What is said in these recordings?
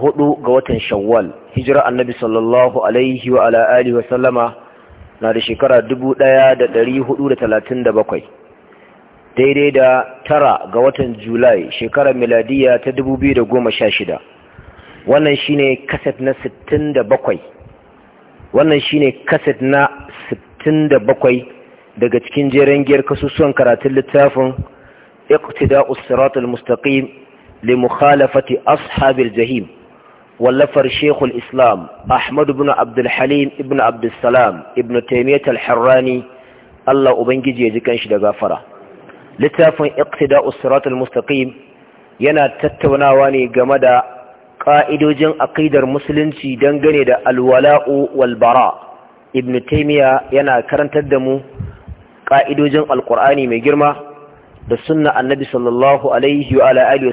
hudu ga watan shawwal hijira annabi sallallahu alaihi wa ala alihi wa sallama na da shekara 1437 daidai da tara ga watan julai shekara miladiya ta 2016 wannan shine kaset na 67 wannan shine kaset na 67 daga cikin jeren giyar kasusuwan karatun littafin iqtida'us siratal mustaqim li mukhalafati ashabil jahim wallafar shekul islam ahmadu bin abdulhalim ibn abdulsalam ibn taimiyyat al-harrani allah ubangiji ya ji kanshi da gafara littafin iqtida usratul mustaqim yana tattaunawa ne game da ƙa'idojin aƙidar musulunci dangane da alwala'u walbara ibn taimiyya yana karantar da mu ƙa'idojin alƙur'ani mai girma da sunna annabi sallallahu alaihi wa alihi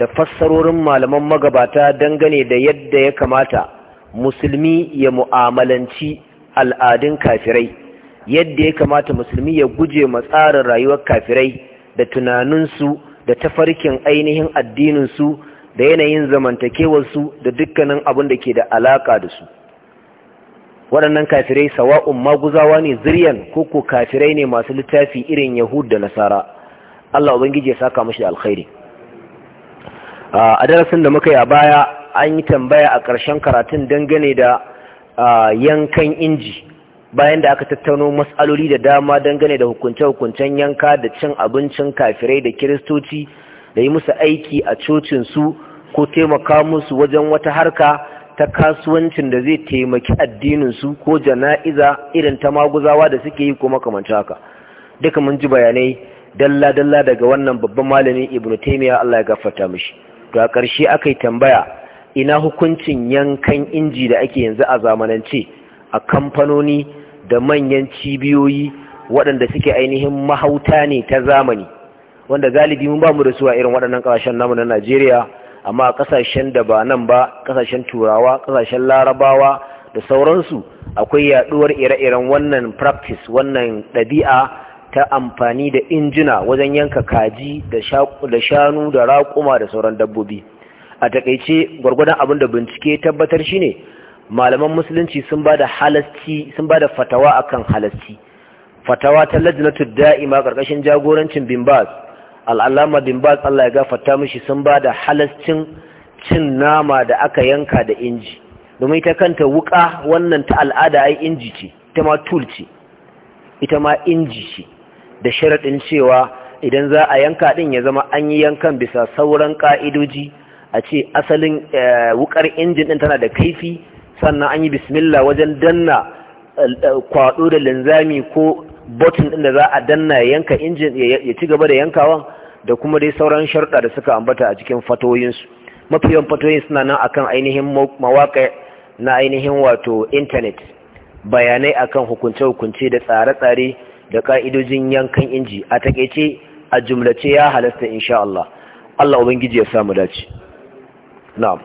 da fassarorin malaman magabata dangane da yadda ya kamata musulmi ya mu'amalanci al'adun kafirai yadda ya kamata musulmi ya guje matsarin rayuwar kafirai da tunaninsu da tafarkin ainihin addininsu da yanayin zamantakewarsu da dukkanin abin da ke da alaƙa da su waɗannan kafirai sawa'un maguzawa ne ziryan ko ko kafirai ne masu littafi irin yahud da nasara Allah Ubangiji ya saka mashi da alkhairi a darasin da muka yi a baya an yi tambaya a ƙarshen karatun dangane da yankan inji bayan da aka tattauno matsaloli da dama dangane da hukunce-hukuncen yanka da cin abincin kafirai da kiristoci da yi musu aiki a cocinsu ko taimaka musu wajen wata harka ta kasuwancin da zai taimaki addininsu ko jana'iza irin ta maguzawa da suke yi kuma kamanci haka duka mun ji bayanai dalla-dalla daga wannan babban malami Ibn taimiyya allah ya gafarta mishi to a ƙarshe aka yi tambaya ina hukuncin yankan inji da ake yanzu a zamanance a kamfanoni da manyan cibiyoyi waɗanda suke ainihin mahauta ne ta zamani wanda galibi mun ba mu da su a irin waɗannan ƙasashen namu na Najeriya amma a ƙasashen da ba nan ba ƙasashen turawa ƙasashen larabawa da sauransu akwai yaɗuwar ire-iren wannan practice wannan ɗabi'a ta amfani da injina wajen yanka kaji da shanu da raƙuma da sauran dabbobi a takaice gwargwadon abin da bincike tabbatar shi ne, malaman musulunci sun ba da halasci sun ba fatawa akan halasci fatawa ta lajnatu da'ima karkashin jagorancin bimbas baz al'allama Allah ya gafata mishi sun ba da halascin cin nama da aka yanka da inji domin ta kanta wuƙa wannan ta al'ada ai inji ce ita ma tool ce ita ma inji ce da sharaɗin cewa idan za a yanka ɗin ya zama an yi yankan bisa sauran ƙa'idoji a ce asalin eh, wukar injin ɗin tana da kaifi sannan an yi bismillah wajen danna eh, kwaɗo da linzami ko botin ɗin da za a danna ya yanka injin ya ci gaba da yankawan da kuma dai sauran sharɗa da suka ambata a cikin fatoyinsu mafi yawan fatoyin suna nan akan ainihin mawaƙa na ainihin wato intanet bayanai akan hukunce-hukunce da tsare-tsare da ƙa'idojin yankan inji a taƙaice, a jumlace ya halasta insha Allah Allah ubangiji ya samu dace na'am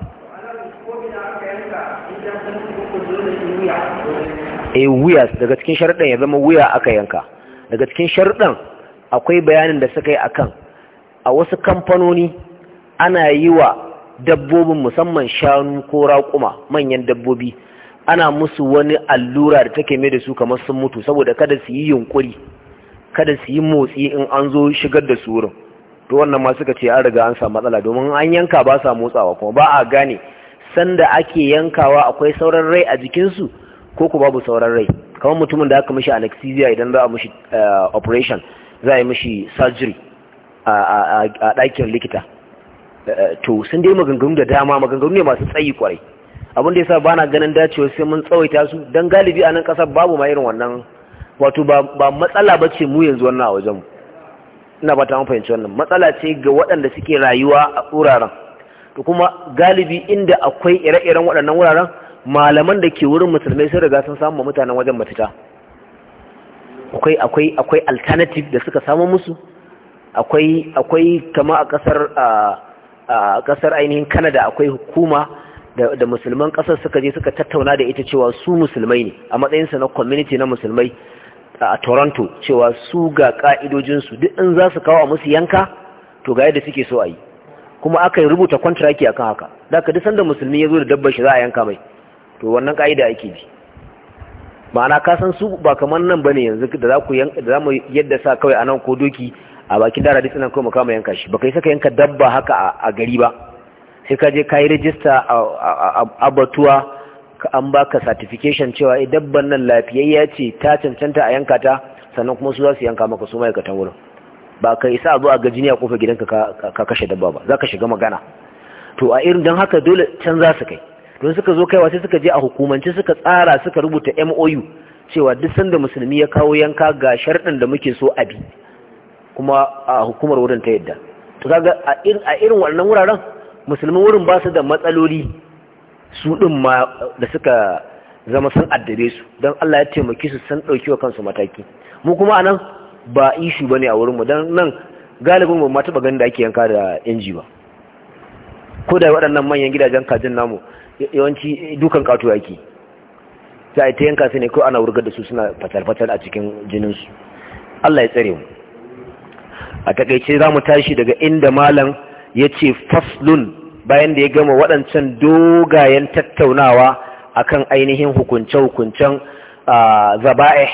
eh wuya daga cikin sharuɗan ya zama wuya aka yanka daga cikin sharuɗan akwai bayanin da suka yi akan a wasu kamfanoni ana yi wa dabbobin musamman shanu ko raƙuma manyan dabbobi ana musu wani allura da take mai da su kamar sun mutu saboda kada su yi yunkuri kada su yi motsi in an zo shigar da su wurin to wannan ma suka ce an riga an samu matsala domin an yanka ba sa motsawa kuma ba a gane sanda ake yankawa akwai sauran rai a jikinsu ko ku babu sauran rai kamar mutumin da aka mishi anesthesia idan za a mishi eh, operation za a yi mishi surgery a dakin likita eh, to sun dai maganganu da dama maganganu ne masu tsayi kwarai abin da yasa bana ganin dacewa sai mun tsawaita su dan galibi a nan kasar babu ma irin wannan wato ba matsala ba ce mu yanzu wannan a wajenmu ina ba ta fahimci wannan matsala ce ga waɗanda suke rayuwa a wuraren to kuma galibi inda akwai ire-iren waɗannan wuraren malaman da ke wurin musulmai sun riga sun samu mutanen wajen mafita akwai akwai akwai alternative da suka samu musu akwai akwai kama a kasar a kasar ainihin Canada akwai hukuma da musulman kasar suka je suka tattauna da ita cewa su musulmai ne a matsayinsa na community na musulmai a toronto cewa su ga ka'idojinsu duk in za su kawo a musu yanka to ga yadda suke so a yi kuma aka yi rubuta kwantraki a kan haka da ka da musulmi ya zo da dabbar shi za a yanka mai to wannan ka'ida ake bi ma'ana ka san su ba kamar nan ba ne yanzu da za ku yadda sa kawai a nan ko doki a bakin dara dutsen nan kawai mu kama yanka shi ba kai saka yanka dabba haka a gari ba sai ka je ka yi rijista a batuwa an baka certification cewa eh dabban nan lafiyayya ce ta cancanta a yanka ta sannan kuma su za su yanka maka su ma'aikatan wurin ba ka isa a zo a gajini a kofar gidanka ka kashe dabba ba za ka shiga magana to a irin don haka dole can za su kai don suka zo kaiwa sai suka je a hukumance suka tsara suka rubuta MOU cewa duk sanda musulmi ya kawo yanka ga sharɗin da muke so a bi kuma a hukumar wurin ta yadda to kaga a irin wannan wuraren musulmin wurin ba su da matsaloli su ɗin ma da suka zama sun addabe su don Allah ya taimaki su san ɗauki wa kansu mataki mu kuma a nan ba ishu ba ne a wurinmu don nan galibin ba ma taɓa ganin da ake yanka da inji ba ko da waɗannan manyan gidajen kajin namu yawanci dukan ƙato yake za a yi ta yanka su ne ko ana wurgar da su suna fatar-fatar a cikin jininsu Allah ya tsare mu a takaice za mu tashi daga inda malam ya ce faslun bayan da ya gama waɗancan dogayen tattaunawa a kan ainihin hukunce-hukuncen zaba'ih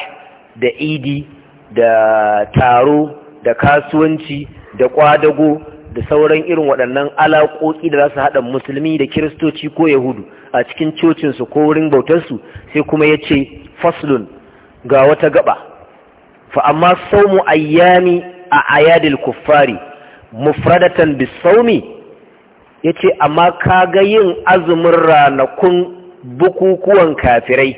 da idi da taro da kasuwanci da kwadago da sauran irin waɗannan alaƙoƙi da za su haɗa musulmi da kiristoci ko yahudu a cikin cocinsu ko wurin bautarsu sai kuma ya ce faslun ga wata gaba fa amma saumu ayyami a ayadil kuffari mufradatan bisaumi yace amma kaga yin azumin ranakun bukukuwan kafirai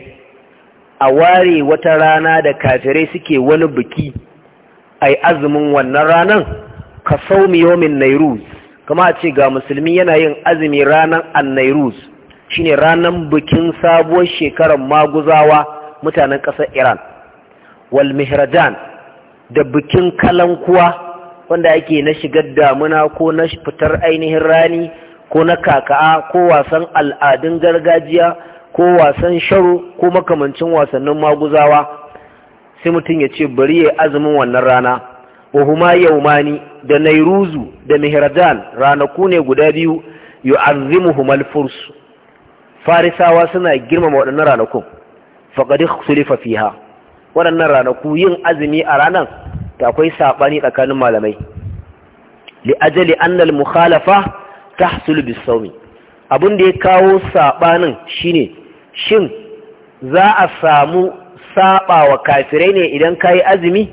a ware wata rana da kafirai suke wani biki ai azumin wannan ranan ka saumi yomin nairuz kama a ce ga musulmi yana yin azumi ranan an nairuz shine ranan bikin sabuwar shekarar maguzawa mutanen ƙasar iran wal mihrajan da bikin kalankuwa wanda ake na shigar damuna ko na fitar ainihin rani ko na kaka'a ko wasan al'adun gargajiya ko wasan sharo ko makamancin wasannin maguzawa sai mutum ya ce bari ya azumin wannan rana wa huma yaumani da nairuzu da mihradan ranaku ne guda biyu yu'azzimuhumal furs farisawa suna girmama waɗannan ranakun faqad ikhtalafa fiha waɗannan ranaku yin azumi a ranan. akwai saɓani tsakanin malamai li ajali annal mukhalafa tahsul bis sawmi abin da ya kawo saɓanin shine shin za a samu wa kafirai ne idan kayi azumi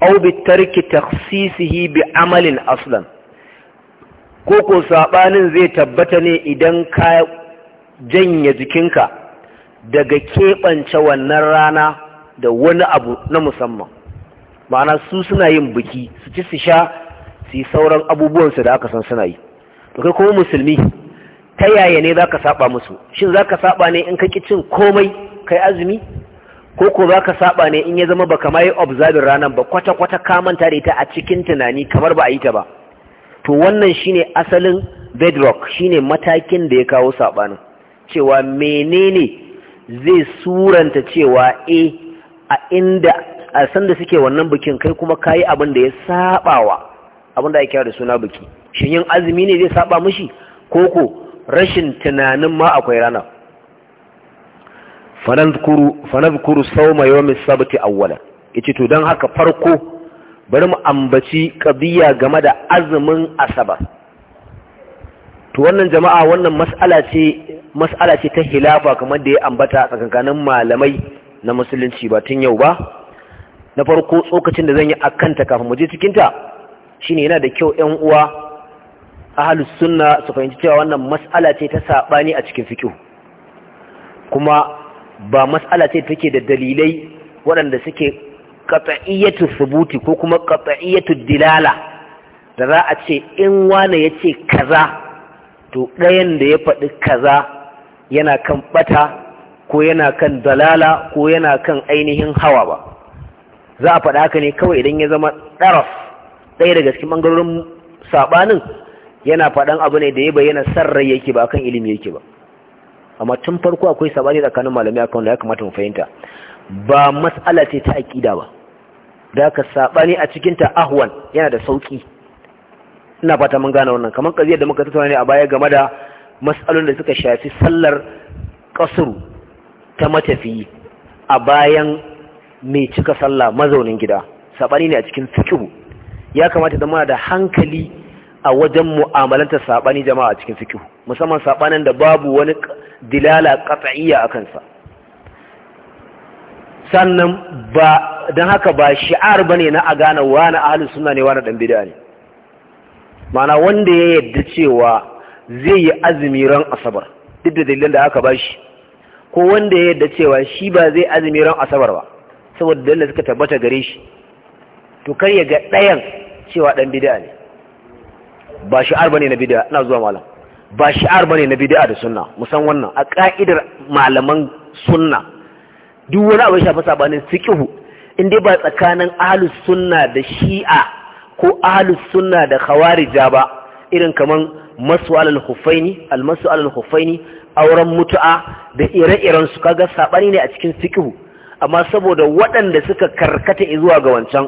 au bi tarki takhsisihi bi amalin aslan ko ko sabanin zai tabbata ne idan ka janye jikinka daga keɓance wannan rana da wani abu na musamman ma'ana su suna yin biki su ci su sha su yi sauran abubuwansu da aka san suna yi to kai kuma musulmi ta yaya ne za ka saba musu shin za ka saba ne in kaki cin komai kai azumi ko ko za ka saba ne in ya zama ba kama yi obzabin ranar ba kwata-kwata kamanta da ita a cikin tunani kamar ba a yi ta ba to wannan shine asalin bedrock shine matakin da ya kawo sabanin cewa menene zai suranta cewa e a inda a sanda suke wannan bikin kai kuma kayi abin da ya sabawa abin da ake kira da suna biki shin yin azumi ne zai saba mishi ko ko rashin tunanin ma akwai rana Fanadkuru sawma yawm as-sabt awwala yace to dan haka farko bari mu ambaci kabiya game da azumin asaba to wannan jama'a wannan mas'ala ce mas'ala ce ta hilafa kamar da ya ambata tsakankanin malamai na musulunci ba tun yau ba na farko tsokacin da zan yi a kanta kafin mu je cikinta ne yana da kyau ‘yan uwa a ahalus suna su fahimci cewa wannan mas'ala ce ta saɓani a cikin fiƙo. kuma ba mas'ala ce take da dalilai waɗanda suke qat'iyyatu subuti ko kuma qat'iyyatu dilala da za a ce in wane ya ce kaza to ɗayan da ya faɗi kaza yana kan ɓata ko yana kan dalala ko yana kan ainihin hawa ba za a faɗa haka ne kawai idan ya zama ɗaraf ɗaya daga cikin ɓangarorin saɓanin yana faɗan abu ne da ya bayyana sarrai yake ba kan ilimi yake ba amma tun farko akwai saɓani tsakanin malamai akan da ya kamata mu fahimta ba matsala ce ta aƙida ba da ka saɓani a cikinta ahwan yana da sauƙi ina fata mun gane wannan kamar ƙaziyar da muka tattauna ne a baya game da matsalolin da suka shafi sallar ƙasuru ta matafiyi a bayan mai cika sallah mazaunin gida Saɓani ne a cikin fikihu ya kamata da muna da hankali a wajen mu'amalantar saɓani jama'a a cikin fikihu musamman saɓanin da babu wani dilala qat'iyya a kansa. sannan ba don haka ba shi'ar ba ne na a gane wani ahalin suna ne wani dan da ne mana wanda ya yadda cewa zai yi azumi ran asabar duk da dalilin da aka shi, ko wanda ya yadda cewa shi ba zai azumi ran asabar ba saboda dalla suka tabbata gare shi to kar ya ga ɗayan cewa ɗan bid'a ne ba shi'ar bane na bid'a ina zuwa malam ba shi'ar bane na bid'a da sunna musan wannan a ƙa'idar malaman sunna duk wani abu ya shafi sabanin sikihu in ba tsakanin ahlus sunna da shi'a ko ahlus sunna da khawarija ba irin kamar masu al hufaini al-maswal al hufaini auren mutu'a da ire-iren su kaga sabani ne a cikin sikihu amma saboda waɗanda suka karkata zuwa ga wancan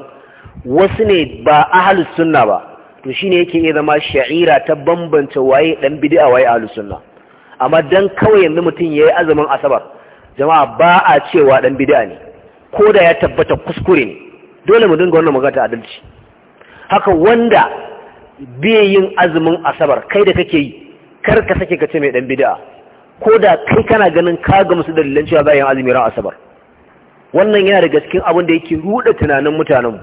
wasu ne ba ahalus sunna ba to shine yake iya zama sha'ira ta bambanta waye dan bid'a waye ahalus sunna amma dan kawai yanzu mutum yayi azumin asabar jama'a ba a cewa dan bid'a ne ko da ya tabbata kuskure ne dole mu dinga wannan magana ta adalci haka wanda bai yin azumin asabar kai da kake yi karka sake ka ce mai dan bid'a ko da kai kana ganin ka ga musu dalilan cewa bayan azumi ran asabar wannan yana daga cikin abin da yake ruɗa tunanin mutanen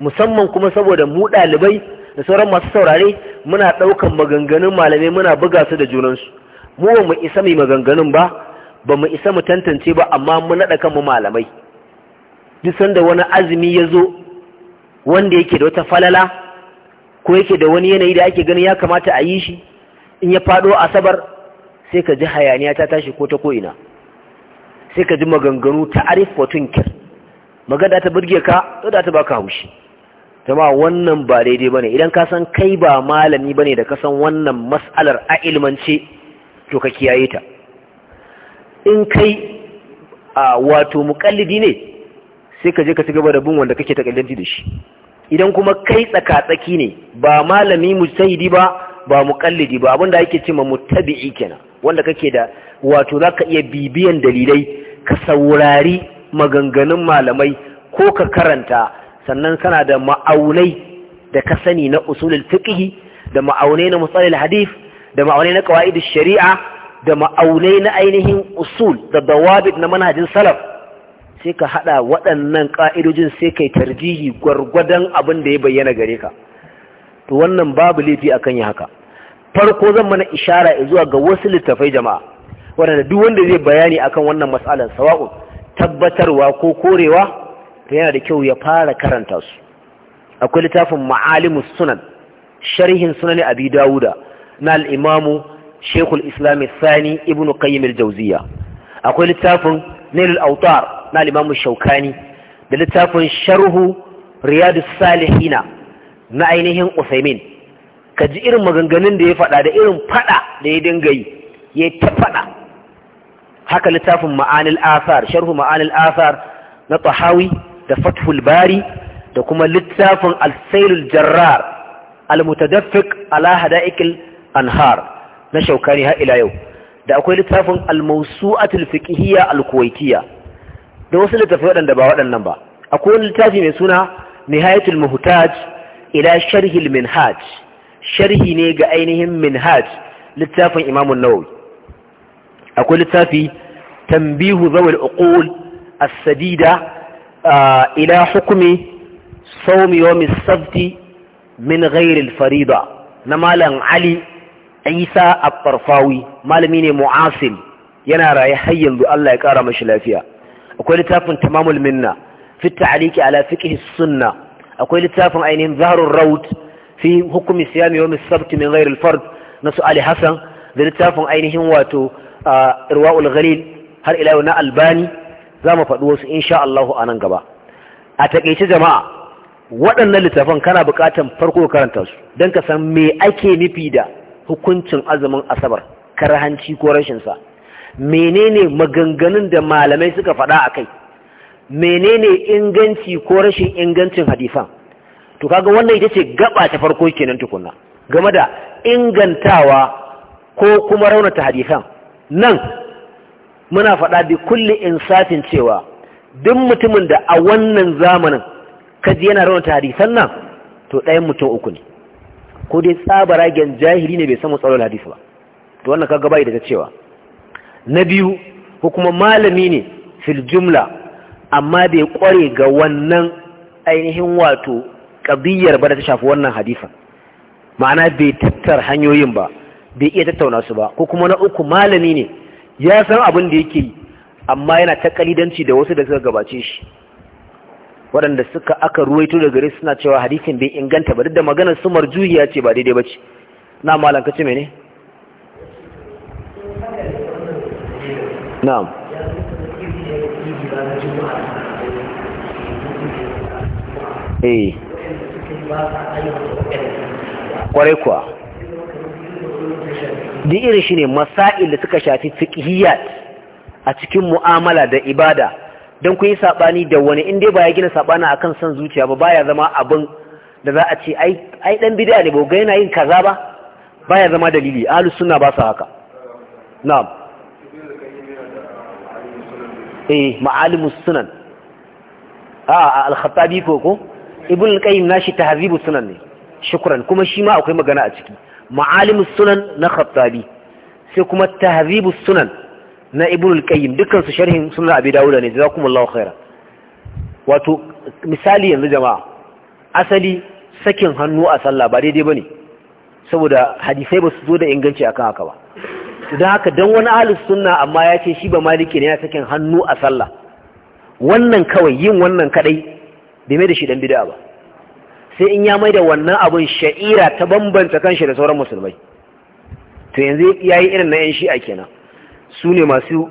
musamman kuma saboda mu ɗalibai da sauran masu saurare muna ɗaukan maganganun malamai muna buga su da junansu mu ba mu isa mai maganganun ba ba mu isa mu tantance ba amma mu naɗa kanmu malamai duk sanda wani azumi ya zo wanda yake da wata falala ko yake da wani yanayi da ake ganin ya kamata a yi shi in ya faɗo asabar sai ka ji hayaniya ta tashi ko ta ko'ina sai ka ji maganganu ta arif wa tunkir magana ta burge ka to da ta baka haushi jama'a wannan ba daidai bane idan ka san kai ba malami bane da ka san wannan mas'alar a ilmance to ka kiyaye ta in kai a wato mukallidi ne sai ka je ka ci gaba da bin wanda kake takallanci da shi idan kuma kai tsaka-tsaki ne ba malami mujtahidi ba ba muqallidi ba abinda ake ce ma muttabi'i kenan wanda kake da wato zaka iya bibiyan dalilai ka saurari maganganun malamai ko ka karanta sannan kana da ma'aunai da ka sani na usulul fiqhi da ma'aunai na musalil hadith da ma'aunai na qawaidus shari'a da ma'aunai na ainihin usul da dawabit na manhajin salaf sai ka hada waɗannan ka'idojin sai kai tarjihi gwargwadon abin da ya bayyana gare ka to wannan babu laifi akan yi haka farko zan mana ishara zuwa ga wasu littafai jama'a waɗanda duk wanda zai bayani akan wannan matsalar sawa'u tabbatarwa ko korewa to yana da kyau ya fara karanta su akwai littafin ma'alimus sunan sharhin sunan abi dawuda na al'imamu shekul islami sani ibn qayyim al-jawziya akwai littafin nailul autar na al'imamu shaukani da littafin sharhu riyadus salihina na ainihin usaimin ka ji irin maganganun da ya faɗa da irin faɗa da ya dinga yi ya ta faɗa haka littafin ma'anil asar sharhu ma'anil asar na tahawi da fathul bari da kuma littafin al jarrar al ala anhar na shaukani har ila yau da akwai littafin al-mawsu'atul fiqhiyya da wasu littafai waɗanda ba waɗannan ba akwai wani littafi mai suna nihayatul muhtaj ila sharhil minhaj sharhi ne ga ainihin minhaj littafin imamun nawawi akwai littafi tambihu zawal uqul as-sadida ila hukmi sawmi yawm as-sabti min ghairi al-farida na malam ali isa al-tarfawi malami ne mu'asil yana raye har yanzu Allah ya kara mashi lafiya akwai littafin tamamul minna fi ta'liqi ala fiqh as-sunnah akwai littafin ainihin zaharun raut fi hukumi siyami wa misabti min ghairil fard na su ali Hassan da littafin ainihin wato irwa'ul ghalil har ila yau na albani za mu faɗi wasu insha Allahu a nan gaba a taƙaice jama'a waɗannan littafan kana buƙatar farko karanta su don ka san me ake nufi da hukuncin azumin asabar karhanci ko rashin sa menene maganganun da malamai suka faɗa a kai menene inganci ko rashin ingancin hadisan to kaga wannan ita ce gaba ta farko kenan tukunna game da ingantawa ko kuma raunata hadisan nan muna faɗa bi kulli insafin cewa duk mutumin da a wannan zamanin kaji yana raunata hadisan nan to ɗayan mutum uku ne ko dai gen jahili ne bai san matsalar hadisi ba to wannan kaga bai daga cewa na biyu ko kuma malami ne fil jumla amma bai kware ga wannan ainihin wato ƙabiyyar ba da ta shafi wannan hadifa ma'ana bai tattar hanyoyin ba bai iya tattauna su ba ko kuma na uku malami ne ya san abin da yake yi amma yana ta kalidanci da wasu da suka gabace shi waɗanda suka aka ruwaito da gare suna cewa hadisin bai inganta ba duk da maganar su marjuhiya ce ba daidai ba ce na malam kace mene na'am eh kwarai kuwa duk irin shi ne masa'il da suka shafi fiqhiyat a cikin mu'amala da ibada don ku yi saɓani da wani inda ba ya gina saɓani a kan son zuciya ba baya zama abin da za a ce ai ɗan bidiya ne ba ga yana yin kaza ba baya zama dalili ahalus suna ba su haka na'am eh ma'alimus sunan a al ko ko ibn qayyim nashi tahzibus sunan ne shukran kuma shi ma akwai magana a ciki ma'alimus sunan na khattabi sai kuma tahzibus sunan na ibn al dukkan su sharhin sunan abi dawud ne jazakumullahu khaira wato misali yanzu jama'a asali sakin hannu a sallah ba daidai bane saboda hadisai ba su zo da inganci akan haka ba don haka don wani alis sunna amma ya ce shi ba maliki ne ya sakin hannu a sallah wannan kawai yin wannan kadai bai mai da shi dan bid'a ba sai in ya mai da wannan abun sha'ira ta bambanta kanshi da sauran musulmai to yanzu ya yi irin na yan shi'a kenan su ne masu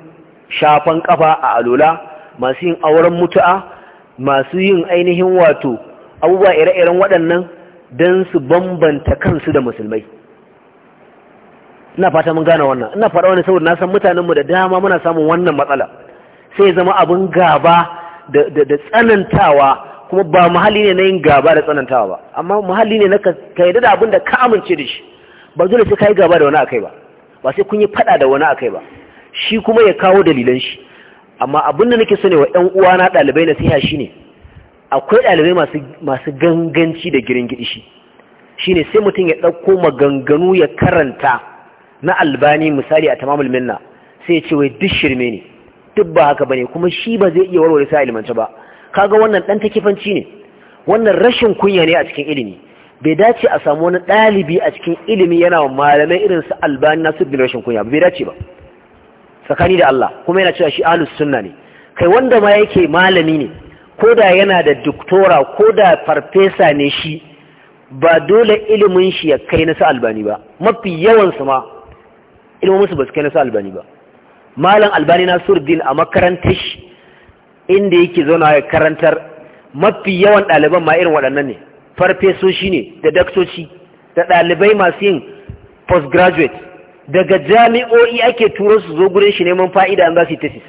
shafan kafa a alola masu yin auren mutu'a masu yin ainihin wato abubuwa ire-iren waɗannan don su bambanta kansu da musulmai ina fata mun gane wannan ina faɗa wani saboda na san mutanenmu da dama muna samun wannan matsala sai ya zama abin gaba da tsanantawa kuma ba muhalli ne na yin gaba da tsanantawa ba amma muhalli ne na ka yadda da abin da ka amince da shi ba dole sai ka yi gaba da wani akai ba ba sai kun yi faɗa da wani akai ba shi kuma ya kawo dalilan shi amma abin da nake so ne wa ƴan uwana ɗalibai nasiha shine akwai ɗalibai masu masu ganganci da girin gidishi shine sai mutum ya ɗauko maganganu ya karanta na albani misali a tamamul minna sai ya ce wai duk shirme ne duk ba haka bane kuma shi ba zai iya warware sa ilimance ba kaga wannan dan takifanci ne wannan rashin kunya ne a cikin ilimi bai dace a samu wani ɗalibi a cikin ilimi yana wa malamai irin su albani na bin rashin kunya bai dace ba tsakani da Allah kuma yana cewa shi ahlus sunna ne kai wanda ma yake malami ne ko da yana da doktora ko da farfesa ne shi ba dole ilimin shi ya kai na su albani ba mafi yawan su ma musu ba su kai na su albani ba malam albani na surdin a makarantar shi inda yake zauna ya karantar mafi yawan ɗaliban ma irin waɗannan ne farfesoshi ne da daktoci da ɗalibai masu yin postgraduate daga jami'o'i ake turo su zo gurin shi neman fa'ida an za su yi tesis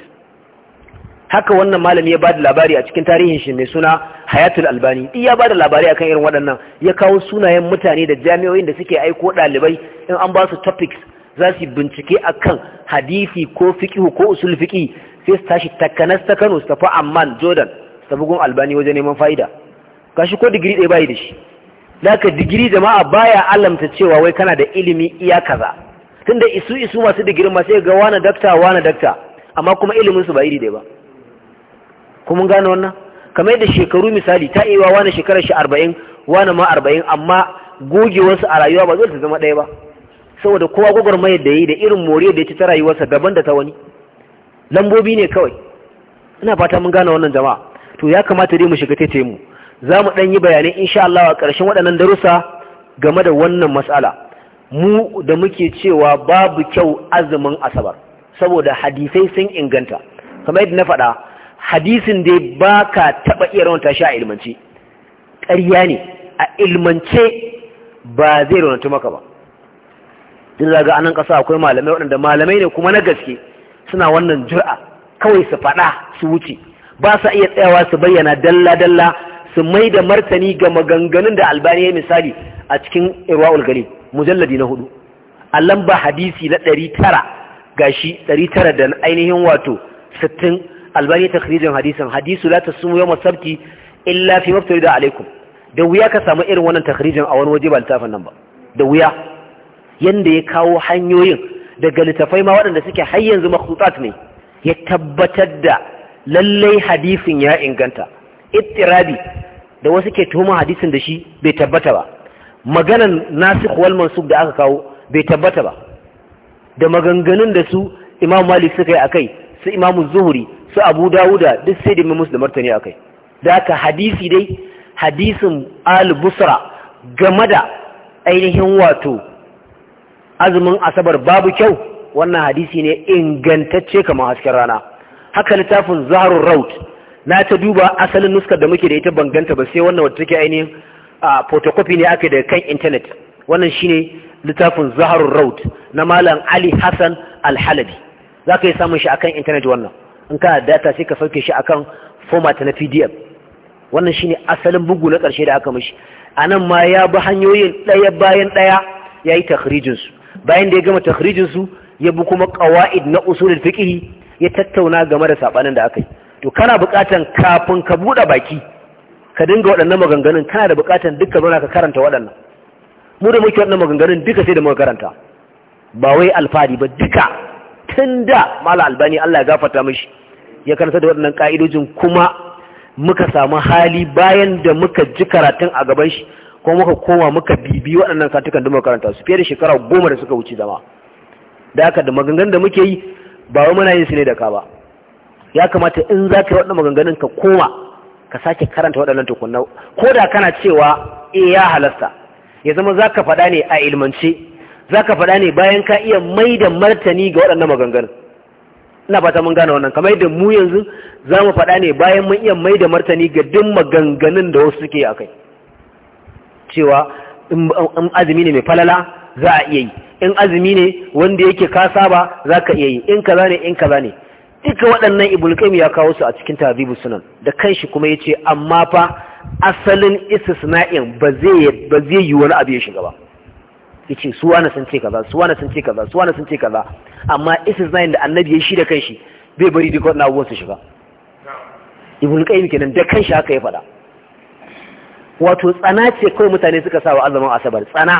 haka wannan malami ya bada labari a cikin tarihin shi mai suna hayatul albani ya bada labari akan irin waɗannan ya kawo sunayen mutane da jami'o'in da suke aiko ɗalibai in an ba su topics za su bincike akan hadisi ko fiƙi ko usul fiƙi sai su tashi takanas ta Kano su tafi Amman Jordan su tafi gun Albani wajen neman fa'ida shi ko digiri ɗaya bayi da shi zaka digiri jama'a baya alamta cewa wai kana da ilimi iya kaza da isu isu masu digirin masu sai ga wani dakta wani dakta amma kuma ilimin su ba iri ɗaya ba kuma gane wannan kamar da shekaru misali ta iya wani shekarar shi arba'in wani ma arba'in amma gogewarsu a rayuwa ba zai ta zama ɗaya ba saboda kowa mai da yi da irin more da ya ci ta rayuwarsa daban da ta wani lambobi ne kawai ina fata mun gane wannan jama'a to ya kamata dai mu shiga tete mu za mu ɗan yi bayanai insha Allah a ƙarshen waɗannan darussa game da wannan matsala mu da muke cewa babu kyau azumin asabar saboda hadisai sun inganta kamar yadda na faɗa hadisin dai ba ka taɓa iya raunta shi a ilmance ƙarya ne a ilmance ba zai raunatu maka ba duk zaga anan ƙasa akwai malamai waɗanda malamai ne kuma na gaske suna wannan jur'a kawai su faɗa su wuce ba sa iya tsayawa su bayyana dalla-dalla su mai da martani ga maganganun da albani ya misali a cikin irwa'ul gari mujalladi na hudu a lamba hadisi na ɗari tara gashi ɗari tara da ainihin wato sittin albani takhrijin hadisin hadisu la sumu yau sabti illa fi da alaikum da wuya ka samu irin wannan takhrijin a wani waje ba littafin nan ba da wuya yanda ya kawo hanyoyin daga littafai ma waɗanda suke har yanzu ne ya tabbatar da lallai hadisin ya inganta ittirabi da wasu ke tuhuma hadisin da shi bai tabbata ba maganan nasikh wal mansub da aka kawo bai tabbata ba da maganganun da su imam malik suka yi akai su imam zuhuri su abu dawuda duk sai da musu da martani akai da aka hadisi dai hadisin al busra game da ainihin wato azumin asabar babu kyau wannan hadisi ne ingantacce kamar hasken rana haka littafin zaharun raut na ta duba asalin nuskar da muke da ita banganta ba sai wannan wata take ainihin a photocopy ne aka da kan intanet wannan shine littafin zaharun raut na malam ali hassan alhalabi za ka yi samun shi akan intanet wannan in kana data sai ka sauke shi akan format na pdf wannan shine asalin bugu na karshe da aka mishi a nan ma ya bi hanyoyin ɗaya bayan ɗaya ya yi takhrijinsu bayan da ya gama takhrijin su ya bi kuma qawaid na usulul fiqh ya tattauna game da sabanin da aka yi to kana buƙatan kafin ka bude baki ka dinga waɗannan maganganun kana da buƙatan duka zauna ka karanta waɗannan mu da muke waɗannan maganganun duka sai da muka karanta ba wai alfadi ba duka tunda mala albani Allah ya gafarta mishi ya karanta da waɗannan ka'idojin kuma muka samu hali bayan da muka ji karatun a gaban shi kuma muka koma muka bibi waɗannan satukan da muka karanta su fiye da shekara goma da suka wuce zama da aka da maganganun da muke yi ba wai muna yin su ne da ka ba ya kamata in za ka yi waɗannan maganganun ka koma ka sake karanta waɗannan tukunna ko da kana cewa eh ya halasta ya zama za ka faɗa ne a ilmance za ka faɗa ne bayan ka iya mai da martani ga waɗannan maganganun ina fata mun gane wannan kamar yadda mu yanzu za mu faɗa ne bayan mun iya mai da martani ga duk maganganun da wasu suke a kai cewa in azumi ne mai falala za a iya yi in azumi ne wanda yake ka saba za ka iya yi in kaza ne in kaza ne duka waɗannan ibulkaimu ya kawo su a cikin tabibu sunan da kanshi kuma ya ce amma fa asalin istisna'in ba zai ba zai yi wani abu ya shiga ba ce suwa na sun ce kaza suwa na sun ce kaza suwa na sun ce kaza amma istisna'in da annabi ya shi da kanshi bai bari duka waɗannan abubuwan su shiga ibul kenan da kanshi haka ya faɗa wato tsana ce kawai mutane suka sa wa azumin asabar tsana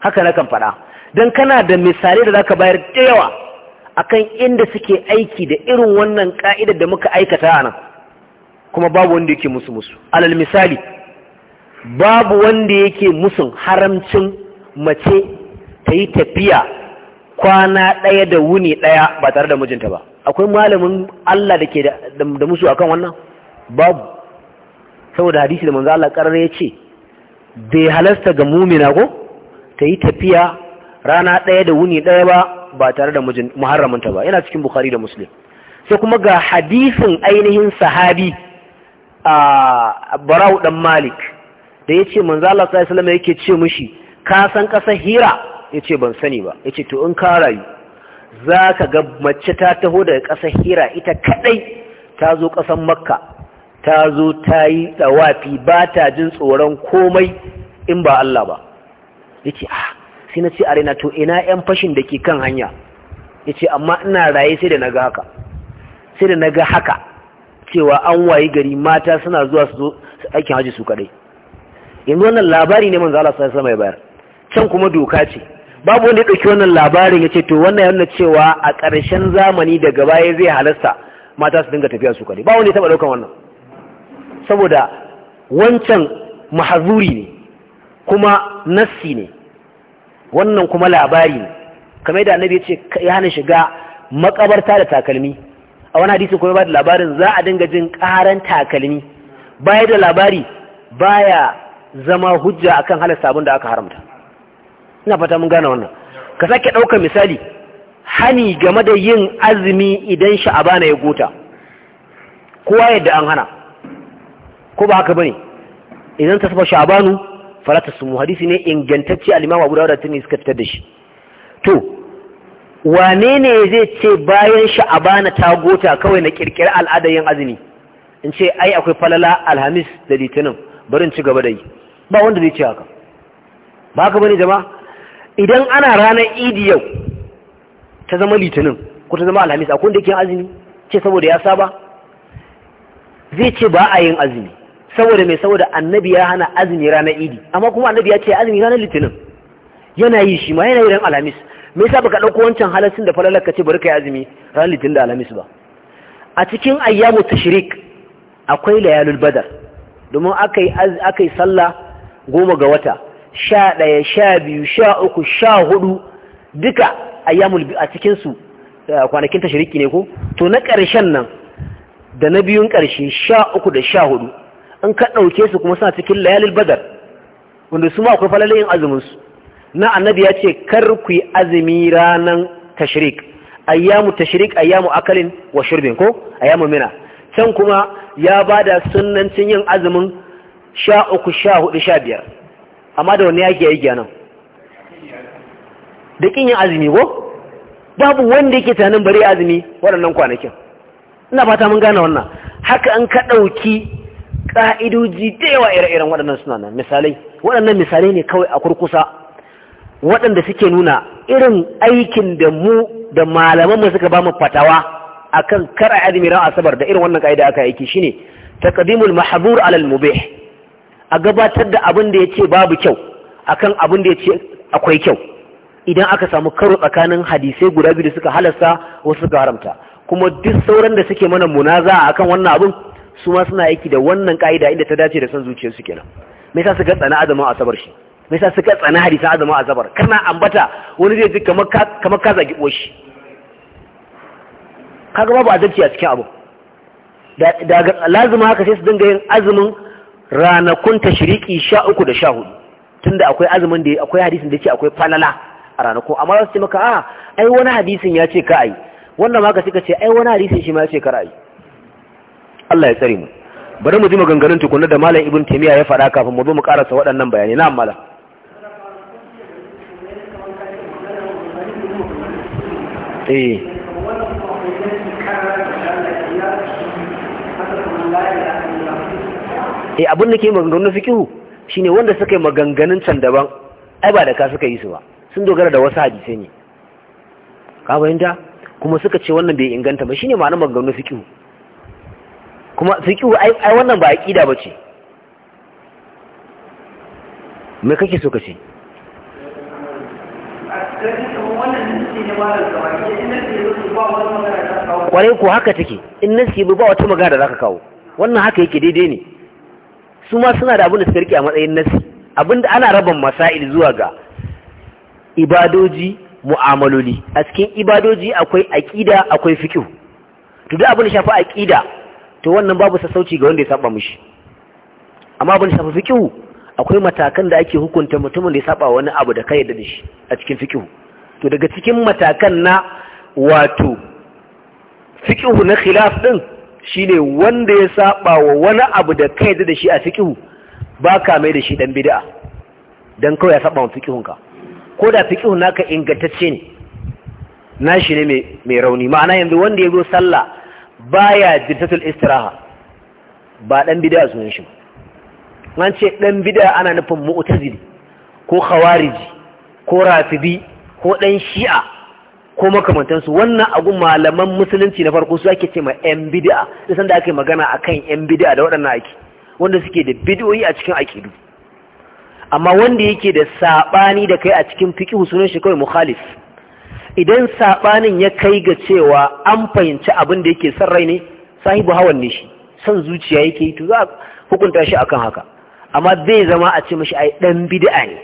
haka na kan faɗa don kana da misali da zaka bayar da yawa akan inda suke aiki da irin wannan ka'idar da muka aikata a kuma babu wanda yake musu musu alal misali babu wanda yake musun haramcin mace ta yi tafiya kwana ɗaya da wuni ɗaya ba tare da mijinta ba akwai malamin Allah da ke da musu akan wannan babu saboda hadisi da manzala karar ya ce bai halasta ga mumina ko ta yi tafiya rana ɗaya da wuni ɗaya ba ba tare da muharramanta ba yana cikin bukhari da muslim sai kuma ga hadisin ainihin sahabi a barau dan malik da ya ce manzala sai salama yake ce mushi ka san ƙasar hira ya ce ban sani ba ya ce to in ka rayu za ka ga mace ta taho daga ƙasar hira ita kaɗai ta zo ƙasar makka ta zo ta yi tsawafi ba ta jin tsoron komai in ba Allah ba ya ce ah sai na ce a raina to ina 'yan fashin da ke kan hanya ya ce amma ina raye sai da na ga haka sai da na ga haka cewa an wayi gari mata suna zuwa su zo aikin haji su kadai yanzu wannan labari ne manzo Allah sallallahu alaihi bayar can kuma doka ce babu wanda ya dauki wannan labarin ya ce to wannan yana cewa a ƙarshen zamani daga baya zai halasta mata su dinga tafiya su kadai ba wanda ya taɓa ɗaukan wannan saboda wancan mahazuri ne kuma nassi ne wannan kuma labari ne kame da annabi ya ce ya hana shiga makabarta da takalmi a wani hadisi kuma ba da labarin za a dinga jin karan takalmi baya da labari baya zama hujja akan halar sabon da aka haramta ina fata mun gane wannan ka sake ɗaukar misali hani game da yin azumi idan sha'abana ya gota kowa yadda an hana ko ba haka bane idan ta saba sha'banu fala sumu hadisi ne ingantacce al-imam Abu Dawud da suka fitar da shi to wane ne zai ce bayan sha'abana ta gota kawai na kirkira al'adar yin azumi in ce ai akwai falala alhamis da litinin barin ci gaba da yi ba wanda zai ce haka ba haka bane jama'a idan ana ranar idi yau ta zama litinin ko ta zama alhamis akwai wanda yake azumi ce saboda ya saba zai ce ba a yin azumi saboda mai saboda annabi ya hana azumi ranar idi amma kuma annabi ya ce azumi ranar litinin yana yi shi ma yana yi ran alhamis me yasa baka ɗauko wancan halassin da falalar ka ce bari yi azumi ranar litinin da alhamis ba a cikin ayyamu tashrik akwai layalul badar domin akai akai sallah goma ga wata sha ɗaya sha biyu sha uku sha hudu duka ayyamul a cikinsu su eh, kwanakin tashriki ne ko to na ƙarshen nan da na biyun ƙarshe sha uku da sha hudu in ka ɗauke su kuma suna cikin layalil badar wanda su ma akwai falalayin azuminsu na annabi ya ce kar ku yi azumi ranar tashirik ayyamu tashirik ayyamu akalin wa shirbin ko ayyamu mina can kuma ya ba da sunancin yin azumin sha uku sha hudu sha biyar amma da wani ya aiki nan da kin yin azumi ko babu wanda yake tunanin bari azumi waɗannan kwanakin ina fata mun gane wannan haka an ka ɗauki ƙa'idoji da yawa ire-iren waɗannan suna nan misalai waɗannan misalai ne kawai a kurkusa waɗanda suke nuna irin aikin da mu da malamanmu suka ba mu fatawa akan kar a azumi asabar da irin wannan ƙa'ida aka aiki ne taqdimul mahbur alal mube a gabatar da abin da ce babu kyau akan abin da ce akwai kyau idan aka samu karo tsakanin hadisai guda biyu da suka halasta wasu suka haramta kuma duk sauran da suke mana munaza akan wannan abin su ma suna aiki da wannan ka'ida inda ta dace da san zuciyar su kenan me yasa suka tsana azumin asabar shi me yasa suka tsana hadisin azumin asabar kana ambata wani zai ji kamar ka kamar ka zagi boshi kaga babu adalci a cikin abu da lazima haka sai su dinga yin azumin ranakun tashriqi sha uku da sha hudu tunda akwai azumin da akwai hadisin da yake akwai falala a ranakun amma za su ce maka a ai wani hadisin ya ce ka ai wannan ma ka suka ce ai wani hadisin shi ma ya ce ka ra'ayi Allah ya tsare mu bari mu ji maganganun tukunna da malam ibn taymiya ya faɗa kafin mu zo mu karasa waɗannan bayanai na malam eh eh abin da ke maganganun fikihu shine wanda suka yi maganganun can daban ai ba da ka suka yi su ba sun dogara da wasu hadisai ne ka fahimta kuma suka ce wannan bai inganta ba shine ma'anar maganganun fikihu kuma fiqhu ai wannan ba aqida bace me kake so ka ce ku haka take in bi ba wata magana da zaka kawo wannan haka yake daidai ne su ma suna da abin da suka riƙe a matsayin nasi abinda ana rabon masail zuwa ga ibadoji mu'amaloli a cikin ibadoji akwai aqida akwai fiqh to duk abin da shafi aqida to wannan babu sassauci ga wanda ya saba mishi amma ban shafi fikihu akwai matakan da ake hukunta mutumin da ya saba wani abu da ka da shi a cikin fikihu to daga cikin matakan na wato fikihu na khilaf din shine wanda ya saba wa wani abu da ka da shi a fikihu baka mai da shi dan bid'a dan kawai ya saba wa ka ko da fikihun naka ingantacce ne nashi ne mai rauni ma'ana yanzu wanda ya zo sallah baya jiddatul istiraha ba dan bid'a sunan shi man ce dan bid'a ana nufin mu'tazili ko khawariji ko rafidi ko dan shi'a ko makamantansu wannan abun malaman musulunci na farko su ake ce ma yan bid'a sai da ake magana akan yan bid'a da waɗannan ake wanda suke da bid'o'i a cikin aqidu amma wanda yake da sabani da kai a cikin fiqh sunan shi kawai mukhalif idan saɓanin ya kai ga cewa an fahimci abin da yake son rai ne sahibu hawan ne shi son zuciya yake yi to za a hukunta shi akan haka amma bai zama a ce mashi ai dan bid'a ne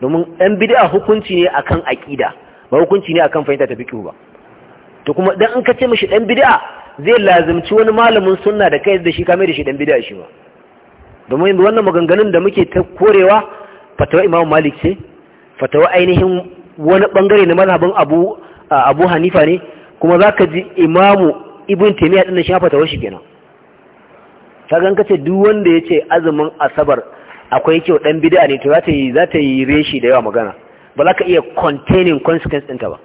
domin dan bid'a hukunci ne akan aqida ba hukunci ne akan fahimta ta fiqh ba to kuma dan in ka ce mashi dan bid'a zai lazimci wani malamin sunna da kai da shi kame da shi dan bid'a shi ba domin wannan maganganun da muke ta korewa fatawa Imam Malik ce fatawa ainihin wani bangare na mazhabin abu abu hanifa ne kuma za ka ji imamu ibn taimiyya ɗin shi ta washi kenan ka kace duk wanda ya ce azumin asabar akwai kyau ɗan bida ne to za ta yi reshi da yawa magana ba za ka iya containing consequence ɗinta ba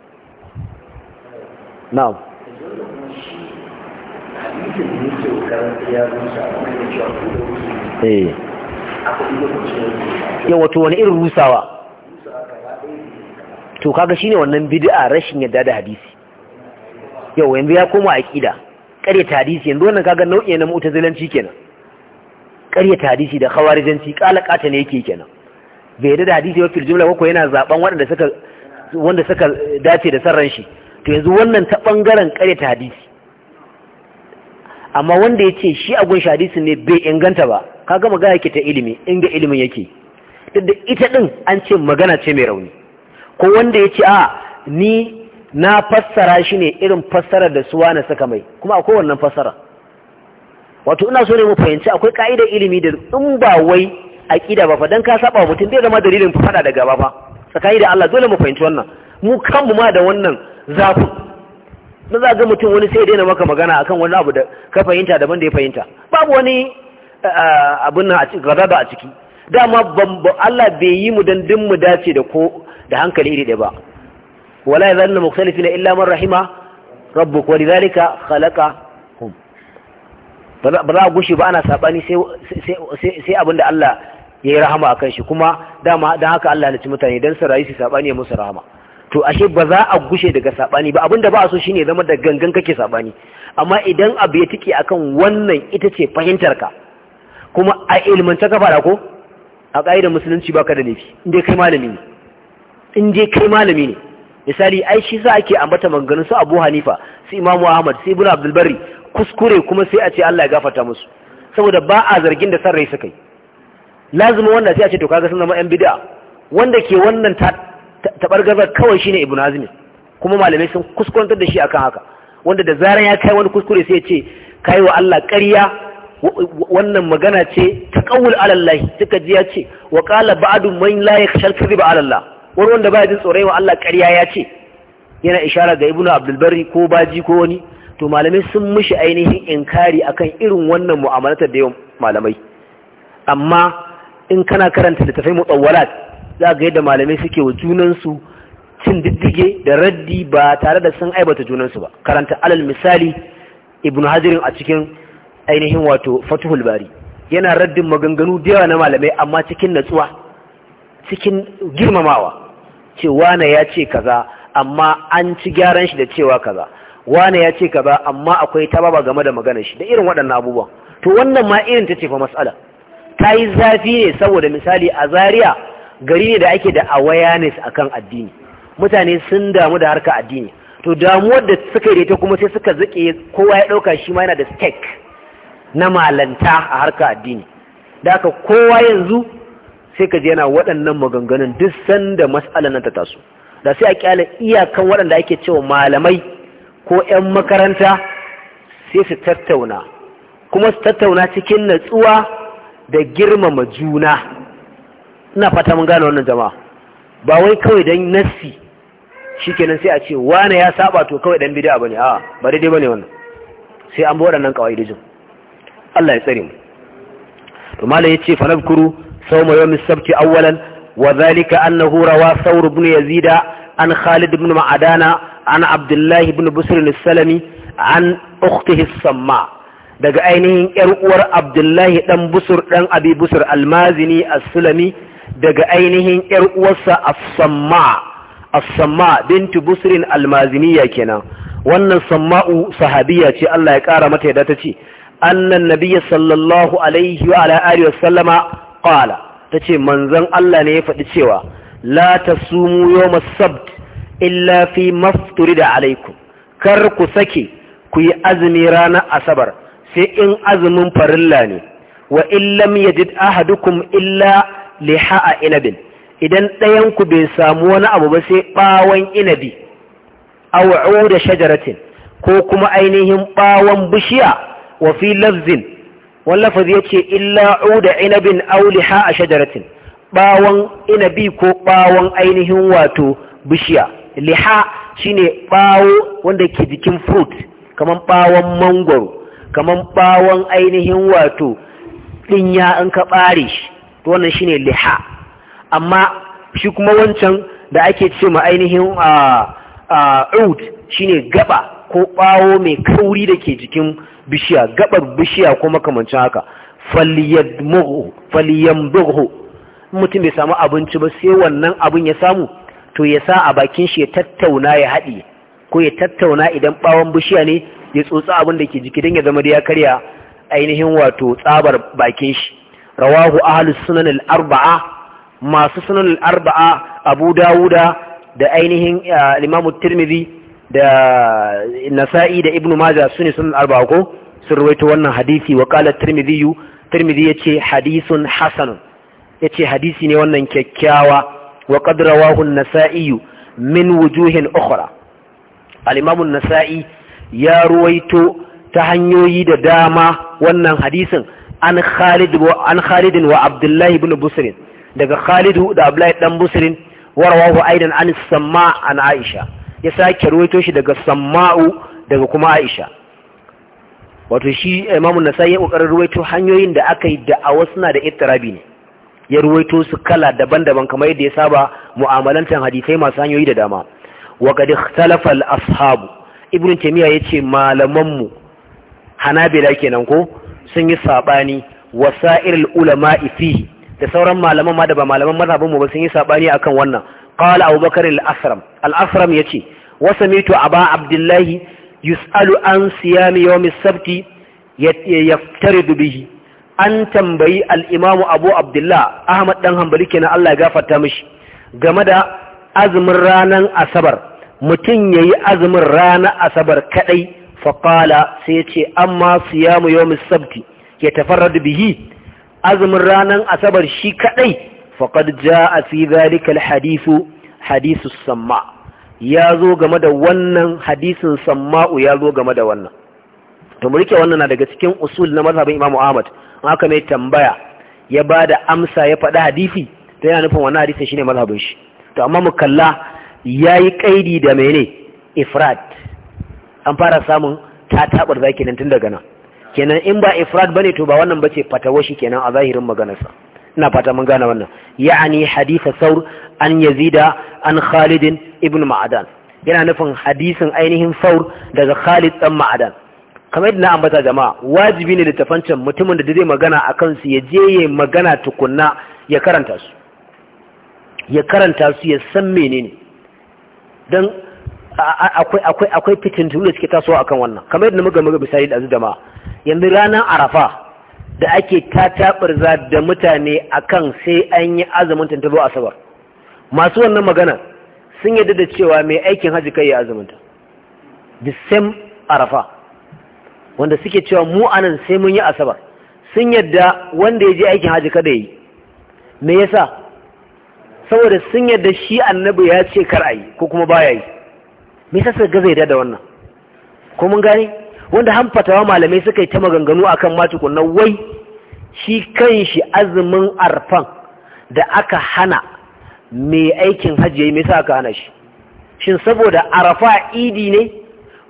na'am eh. yawa to wani irin rusawa to kaga shine wannan bid'a rashin yadda da hadisi yau yanzu ya koma aqida ƙaryata hadisi yanzu wannan kaga nau'i na mu'tazilanci kenan ƙaryata hadisi da khawarijanci kalakata ne yake kenan bai yadda da hadisi ba fil jumla ko yana zaben wanda suka wanda suka dace da sarran shi to yanzu wannan ta bangaren ƙaryata hadisi amma wanda yace shi a hadisi ne bai inganta ba kaga magana yake ta ilimi inga ilimin yake duk da ita din an ce magana ce mai rauni ko wanda ya ce a ni na fassara shi ne irin fassara da suwa na saka mai kuma akwai wannan fassara wato ina so ne mu fahimci akwai ka'idar ilimi da in ba wai aqida ba fa dan ka saba mutum bai zama dalilin fada da gaba ba tsakani da Allah dole mu fahimci wannan mu kanmu ma da wannan zafin na za ga mutum wani sai daina maka magana akan wani abu da ka fahimta daban da ya fahimta babu wani abun nan a ciki a ciki dama Allah bai yi mu dan din mu dace da ko da hankali iri ɗaya ba wala ya zanna na illa man rahima rabbuk wa lidhalika hum ba za a gushe ba ana sabani sai sai abinda Allah ya yi rahama akan shi kuma dama dan haka Allah ya ci mutane dan su rayu su sabani ya musu rahama to ashe ba za a gushe daga sabani ba abinda ba a so shine zama da gangan kake sabani amma idan abu ya tike akan wannan ita ce fahimtar ka kuma a ilmanta ka fara ko a ƙa'idar musulunci baka da laifi inda kai malami ne in je kai malami ne misali ai shi sa ake ambata maganin su Abu Hanifa su Imam Ahmad su Ibn Abdul kuskure kuma sai a ce Allah ya gafata musu saboda ba a zargin da san rai su kai, lazima wanda sai a ce to kaga sun zama yan bid'a wanda ke wannan tabargazar kawai shine Ibn Hazm kuma malamai sun kuskurantar da shi akan haka wanda da zaran ya kai wani kuskure sai ya ce kai wa Allah ƙarya wannan magana ce ta ƙawul alallahi suka ji ya ce wa ƙala ba'adu man la ya kashar ba alallah wani wanda ya jin tsoron wa Allah ƙarya ya ce yana ishara ga ibnu abdul ko baji ko wani to malamai sun mishi ainihin inkari akan irin wannan mu'amalatar da yawan malamai amma in kana karanta tafai mutawwalat za ga yadda malamai suke wa junansu cin diddige da raddi ba tare da sun aibata junansu ba karanta alal misali ibnu hajirin a cikin ainihin wato fatuhul bari yana raddin maganganu da yawa na malamai amma cikin natsuwa cikin girmamawa ce wane ya ce kaza amma an ci gyaran shi da cewa kaza wane ya ce kaza amma akwai tababa game da maganar shi da irin waɗannan abubuwan to wannan ma irin ta ce fa matsala. ta yi zafi ne saboda misali a Zariya gari ne da ake da awareness kan addini mutane sun damu da harka addini to damuwar da suka yi ta kuma sai suka zake kowa ya ɗauka shi ma yana da stake na malanta a harka addini da aka kowa yanzu sai ka je yana waɗannan maganganun duk sanda mas'alar nan ta taso da sai a kyale iyakan waɗanda ake cewa malamai ko 'yan makaranta sai su tattauna kuma su tattauna cikin natsuwa da girmama juna ina fata mun gane wannan jama'a ba wai kawai dan nassi shikenan sai a ce wane ya saba to kawai dan bid'a bane a'a ba daidai bane wannan sai an bi waɗannan jin. Allah ya tsare mu to malai yace fa nabkuru صوم يوم السبت أولا وذلك أنه روى ثور بن يزيد عن خالد بن معدان عن عبد الله بن بسر السلمي عن أخته الصماء daga ainihin ƴar uwar Abdullahi dan busur dan abi busur almazini as-sulami daga ainihin ‘yar uwarsa as-samma as-samma bintu busrin almaziniya kenan wannan samma'u sahabiya ce Allah ya ƙara mata yadda ta ce annan nabiyya sallallahu alaihi wa ala alihi wasallama qala tace manzon Allah ne ya faɗi cewa la tasumu yawm as-sabt illa fi mafturida alaikum kar ku sake ku yi azumi ranar asabar sai in azumin farilla ne wa illam yajid ahadukum illa liha'a inabin idan ɗayan ku bai samu wani abu ba sai bawon inabi aw uda shajaratin ko kuma ainihin bawon bishiya wa fi lafzin wallafa ya ce illa uda inabin auliha a shajaratin bawon inabi ko bawon ainihin wato bishiya liha shine bawo wanda ke jikin fruit kaman bawon mangoro kaman bawon ainihin wato dinya in ka bare shi to wannan shine liha amma shi kuma wancan da ake ce ma ainihin a ah, out ah, shine gaba ko bawo mai kauri da ke jikin bishiya gabar bishiya ko makamancin haka falyambughu mutum bai samu abinci ba sai wannan abin ya samu to ya sa a bakin shi ya tattauna ya haɗi ko ya tattauna idan bawon bishiya ne ya tsotsa abin da ke jiki don ya zama da ya karya ainihin wato tsabar bakin shi rawahu ahlus sunan al-arba'a masu sunan al-arba'a abu dawuda da ainihin al-imamu eh, da nasa'i da ibnu majah sune sun arba'a ko sun rawaito wannan hadisi wa qala tirmidhi tirmidhi yace hadithun hasan yace hadisi ne wannan kyakkyawa wa qad rawahu an-nasa'i min wujuhin ukhra al-imam an-nasa'i ya ruwaito ta hanyoyi da dama wannan hadisin an Khalid an Khalid wa Abdullah ibn Busrin daga Khalid da Abdullah dan Busrin wa rawahu aidan an Samma an Aisha ya sake ruwaito shi daga samma'u daga kuma aisha wato shi imam nasai ya kokarin ruwaito hanyoyin da aka yi da a wasu na da ittirabi ne ya ruwaito su kala daban-daban kamar yadda ya saba mu'amalantar hadisai masu hanyoyi da dama wa qad ikhtalafa al-ashabu ibnu taymiya yace malaman mu hanabila kenan ko sun yi sabani al ulama fihi da sauran malaman ma da ba malaman mazhabin mu ba sun yi sabani akan wannan qala abubakar al-asram al-asram yace wasamitu aba abdullahi yus'alu an siyami yawmi sabti yaftaridu bihi an tambayi al-imam abu abdullah ahmad dan hanbali kenan Allah ya gafarta mishi game da azumin ranan asabar mutum yayi azumin ranar asabar kadai faqala sai ce amma siyamu yawmi sabti yatafarradu bihi azumin ranan asabar shi kadai faqad jaa fi dhalika al-hadithu hadithu sama. ya zo game da wannan hadisin samma'u ya zo game da wannan to mu rike wannan na daga cikin usul na mazhabin Imam Ahmad haka mai tambaya ya ba da amsa ya faɗi hadisi to yana nufin wannan hadisin shine mazhabin shi to amma mu kalla yayi kaidi da mene ifrad an fara samun ta zaki nan tun daga nan kenan in ba ifrad bane to ba wannan bace fatawashi kenan a zahirin maganarsa ina fata mun gane wannan ya'ani hadisa saur an yazida an khalid ibn ma'adan yana nufin hadisin ainihin saur daga khalid dan ma'adan kamar yadda na ambata jama'a wajibi ne tafancin mutumin da zai magana a kansu ya je ya magana tukunna ya karanta su ya karanta su ya san menene don akwai fitintu da suke tasowa akan wannan kamar yadda muka muka misali da jama'a yanzu ranar arafa da ake tataɓarza da mutane akan sai an yi azumin tantabo asabar masu wannan magana sun yadda da cewa mai aikin hajji kai ya azuminta the same arafa wanda suke cewa mu anan sai mun yi asabar sun yadda wanda ya je aikin hajji kada yi me yasa saboda sun yadda shi annabi ya ce kar a yi ko kuma baya yi me yasa suka gaza yadda da wannan ko mun gane wanda hanfatawa malamai suka yi ta maganganu akan ma tukunna wai shi shi azumin arfan da aka hana mai aikin hajji yi mai sa aka hana shi shin saboda arfa idi ne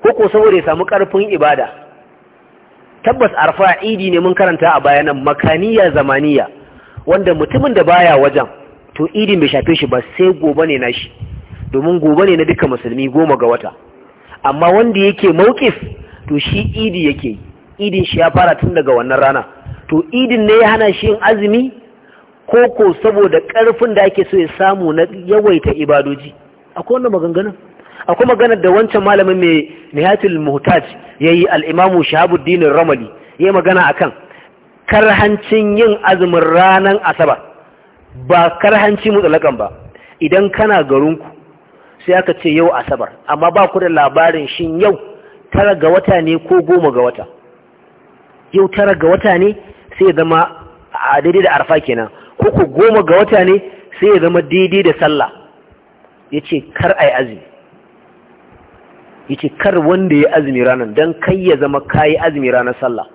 ko ko saboda ya samu karfin ibada tabbas arfa idi ne mun karanta a bayanan makaniya zamaniya wanda mutumin da baya wajen to idin bai shafe shi ba sai gobe ne nashi domin gobe ne na duka musulmi goma ga wata amma wanda yake mawkif to shi idi yake idin shi ya fara tun daga wannan rana to idin ne ya hana shi yin azumi ko ko saboda karfin da ake so ya samu na yawaita ibadoji akwai wannan maganganun akwai maganar da wancan malamin mai nihatul muhtaj yayi al-imamu shahabuddin ramali yayi magana akan karhancin yin azumin ranan asabar ba karhanci mutsalakan ba idan kana garinku sai aka ce yau asabar amma ba ku da labarin shin yau tara ga wata ne ko goma ga wata yau tara ga wata ne sai ya zama a daidai da arfa kenan ko ko goma ga wata ne sai ya zama daidai da sallah ya ce kar a yi azumi ya ce kar wanda ya azumi ranar don kai ya zama kayi azumi ranar sallah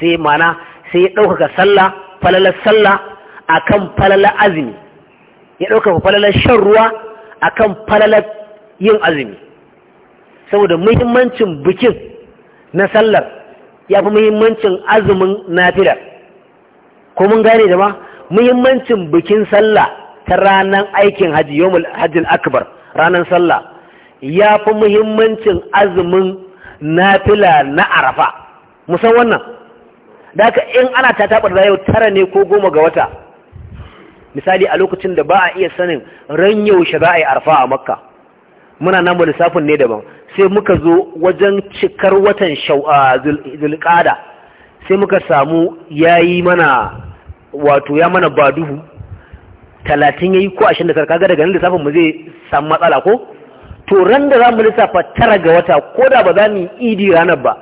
sai mana sai ya ɗaukaka sallah falalar sallah akan falalar azumi ya ɗaukaka falalar shan ruwa akan falalar yin azumi saboda muhimmancin bikin na sallar ya fi muhimmancin azumin nafilar ko mun gane da ba muhimmancin bikin sallah ta ranar aikin hajji yawmul hajjil akbar ranar sallah ya fi muhimmancin azumin nafila na arafa musan wannan da haka in ana ta taɓar yau tara ne ko goma ga wata misali a lokacin da ba a iya sanin ran yaushe za a yi arafa a makka muna nan ba lissafin ne daban sai muka zo wajen cikar watan zulƙada sai muka samu ya yi mana wato ya mana ba duhu talatin ya yi ko ashirin da karkaga daga nan lissafin mu zai samu matsala ko to ran da za mu lissafa tara ga wata ko da ba za mu yi idi ranar ba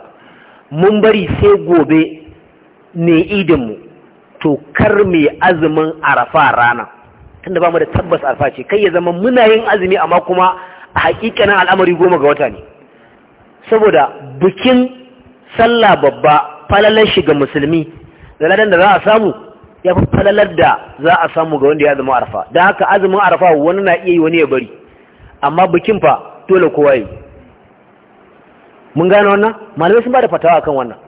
mun bari sai gobe ne idinmu to kar mai azumin arafa rana tunda ba mu da tabbas arafa ce kai ya zama muna yin azumi amma kuma A hakikanin al'amari goma ga wata ne saboda bikin sallah babba falalar shi ga musulmi da ladan da za a samu ya fi falalar da za a samu ga wanda ya zama arfa don haka azumin arfa wani na iya yi wani ya bari amma bikin fa dole kowa yi mun gane wannan malamai sun ba da fatawa akan wannan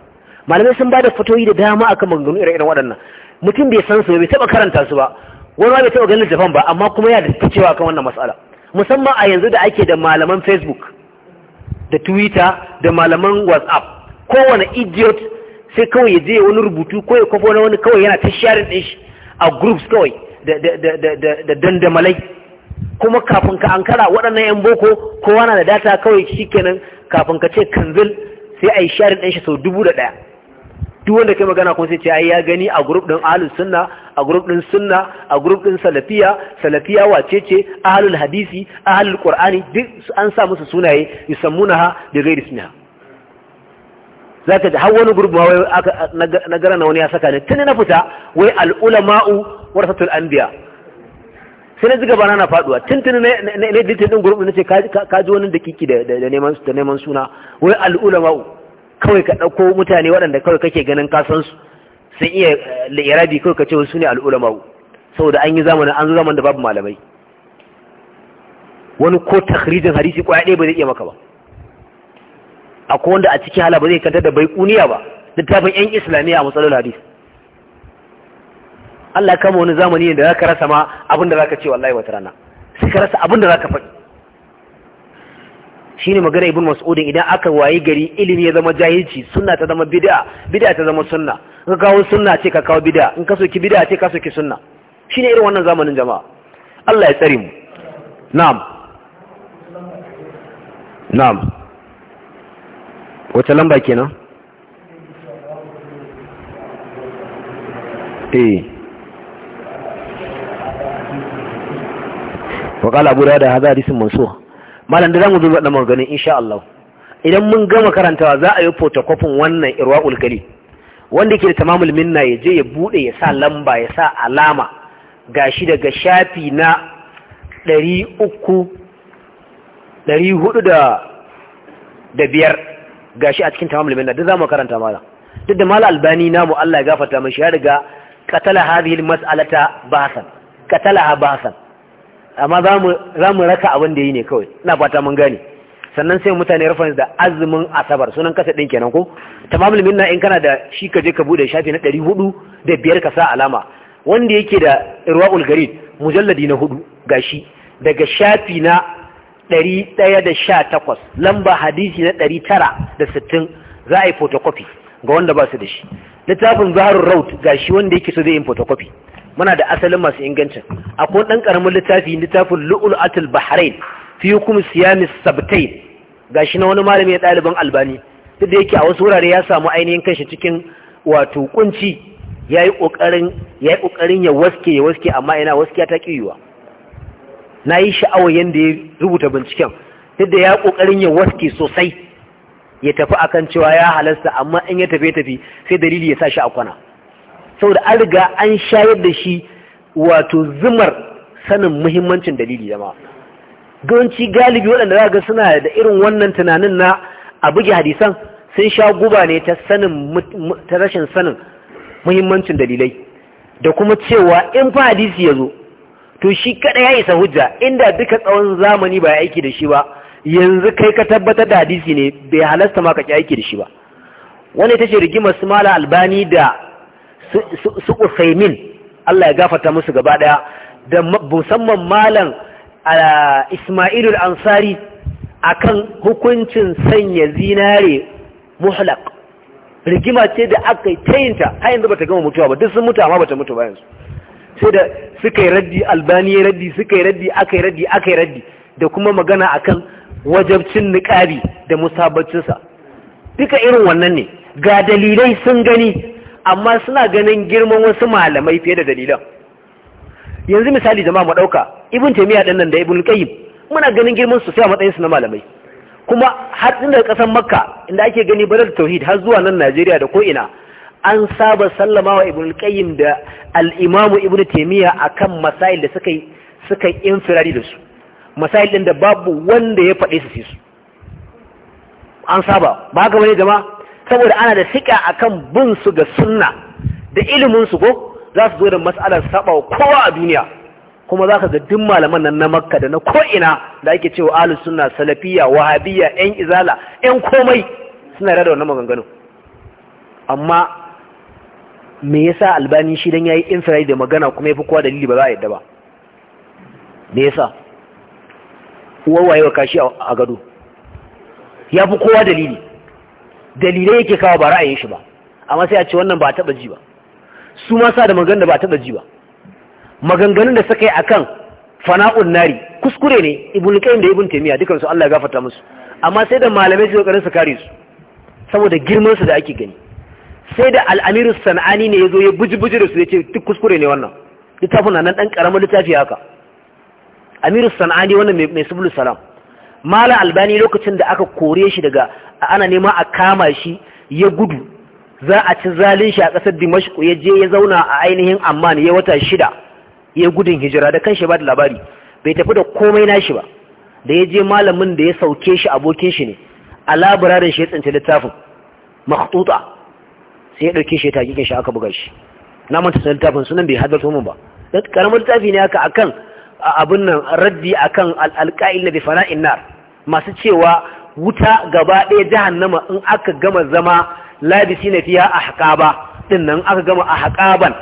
malamai sun ba da fatoyi da dama akan maganganu irin waɗannan mutum bai san su bai taɓa karanta su ba wani bai taɓa ganin littafan ba amma kuma ya da cewa akan wannan matsala musamman a yanzu da ake da malaman facebook da twitter da malaman whatsapp kowane idiot sai kawai ya je wani rubutu ko ya kwafo na wani kawai yana ta sharin din shi a groups kawai da dandamalai kuma kafin ka ankara waɗannan 'yan boko kowa na da data kawai shikenan kafin ka ce kanzil sai a yi sharing din shi sau dubu da ɗaya duk wanda kai magana kuma sai ce ai ya gani a group din ahlus sunna a group din sunna a group din salafiya salafiya wace ce ahlul hadisi ahlul qur'ani duk an sa musu sunaye yusammunaha bi ghairi ismiha zaka ji har wani group ma wai na gara na wani ya saka ne tun na fita wai al ulama'u warasatul anbiya sai na ziga bana na faduwa tun tun ne ne din group din nace ka ji wani dakiki da neman da neman suna wai al ulama'u kawai ka ɗauko mutane waɗanda kawai kake ganin kasansu sun iya la'irabi eh, kawai ka ce wasu ne al'ulama'u saboda an yi zamanin an zo zamanin da babu malamai wani ko takhrijin hadisi ko ɗaya ba zai iya maka ba akwai wanda a ciki hala ba zai kanta da bai kuniya ba littafin yan islamiyya a matsalar hadis Allah kama wani zamani ne da zaka rasa ma abin da zaka ce wallahi wata rana sai ka rasa abin da zaka faɗi shine magana ibn mas'udin idan aka wayi gari ilimi ya zama jahilci sunna ta zama bid'a bid'a ta zama sunna in ka kawo sunna ce ka kawo bid'a in ka soki bid'a ce ka soki sunna shine irin wannan zamanin jama'a Allah ya tsare mu na'am na'am wata lamba kenan eh وقال أبو داود هذا حديث منصور malam da zamu duba da maganin insha Allah idan mun gama karantawa za a yi photocopying wannan irwaul kali wanda yake da tamamul minna ya je ya bude ya sa lamba ya sa alama gashi daga shafi na 300 405 gashi a cikin tamamul minna duk zamu karanta malam duk da malam albani namu Allah ya gafarta mishi ya riga qatala hadhihi almas'alata bahasan katalaha bahasan amma za mu raka abin da yi ne kawai ina fata mun gane sannan sai mutane rufin da azumin asabar sunan kasa ɗin kenan ko tamamul minna in kana da shi ka je ka bude shafi na ɗari hudu da biyar ka sa alama wanda yake da ruwa garid mujalladi na hudu gashi daga shafi na ɗari ɗaya da sha takwas lamba hadisi na ɗari tara da sittin za a yi photocopy ga wanda ba su da shi littafin rout raut shi wanda yake so zai yi photocopy muna da asalin masu ingancin akwai ɗan ƙaramin littafi littafin atul bahrain fi hukum siyamis sabtai gashi na wani malami ya ɗaliban albani duk da yake a wasu wurare ya samu ainihin kashi cikin wato kunci ya yi ƙoƙarin ya waske ya waske amma ina waske ta kiyuwa na yi sha'awar yadda ya rubuta binciken duk da ya kokarin ya waske sosai ya tafi akan cewa ya halasta amma in ya tafi tafi sai dalili ya sa shi a kwana saboda an riga an shayar da shi wato zumar sanin muhimmancin dalili ma. gawanci galibi waɗanda za ga suna da irin wannan tunanin na a buge hadisan sun sha guba ne ta sanin ta rashin sanin muhimmancin dalilai da kuma cewa in fa hadisi ya zo to shi kada ya isa hujja inda duka tsawon zamani ba ya aiki da shi ba yanzu kai ka tabbatar da hadisi ne bai halasta ma ka aiki da shi ba wani ce rigimar su mala albani da su Usaimin Allah ya gafata musu gaba daya da musamman malam al Ansari akan hukuncin sanya zinare muhlaq rigima ce da aka tayinta har yanzu bata gama mutuwa ba duk sun mutu amma bata mutu ba yanzu sai da suka raddi albani raddi suka raddi aka raddi aka raddi da kuma magana akan wajabcin niƙari da musabbacinsa duka irin wannan ne ga dalilai sun gani amma suna ganin girman wasu malamai fiye da dalilan yanzu misali jama'a mu ɗauka ibn taymiya din da ibn qayyim muna ganin girman su sai a matsayin su na malamai kuma har inda kasar makka inda ake gani barar tauhid har zuwa nan Najeriya da ko ina an saba sallama wa ibn qayyim da al-imamu ibn a kan masail da suka suka infirari da su masail din da babu wanda ya faɗe su sai su an saba ba haka wani jama'a saboda ana da siƙa akan kan binsu ga suna da iliminsu ko za su zo da mas'alar saba kowa a duniya kuma za ka ga duk malaman nan na makka da na ko'ina da ake cewa ahlus suna salafiya, wahabiyya yan izala yan komai suna da wannan maganganu amma me yasa albani shi dan yayi infrared da magana kuma yafi kowa dalili ba za a yadda ba me yasa uwar wayewa kashi a gado ya fi kowa dalili dalilai yake kawo ba ra'ayin shi ba amma sai a ce wannan ba a taɓa ji ba su ma sa da maganar da ba a taɓa ji ba maganganun da suka yi akan fana'un nari kuskure ne ibn qayyim da ibn taymiya dukan su Allah ya gafarta musu amma sai da malamai su kokarin su kare su saboda girman su da ake gani sai da al-amirus sanani ne yazo ya buji-buji da su yace duk kuskure ne wannan littafin nan dan karamar littafi haka amiru sanani wannan mai sublu salam mala albani lokacin da aka kore shi daga ana nema a kama shi ya gudu za a ci zalin shi a ƙasar dimashku ya je ya zauna a ainihin amman ya wata shida ya gudun hijira da kan shi ba da labari bai tafi da komai na nashi ba da ya je malamin da ya sauke shi abokin shi ne a labararin shi ya tsinci littafin makhtuta sai ya ɗauke shi ya tagikin shi aka buga shi na manta sun littafin sunan bai hadarta mun ba karamar littafi ne haka akan abin nan raddi akan alƙa'il da bi fana'in nar masu cewa wuta gaba ɗaya nama in aka gama zama labisi na fiya a haƙaba ɗin nan aka gama a haƙaban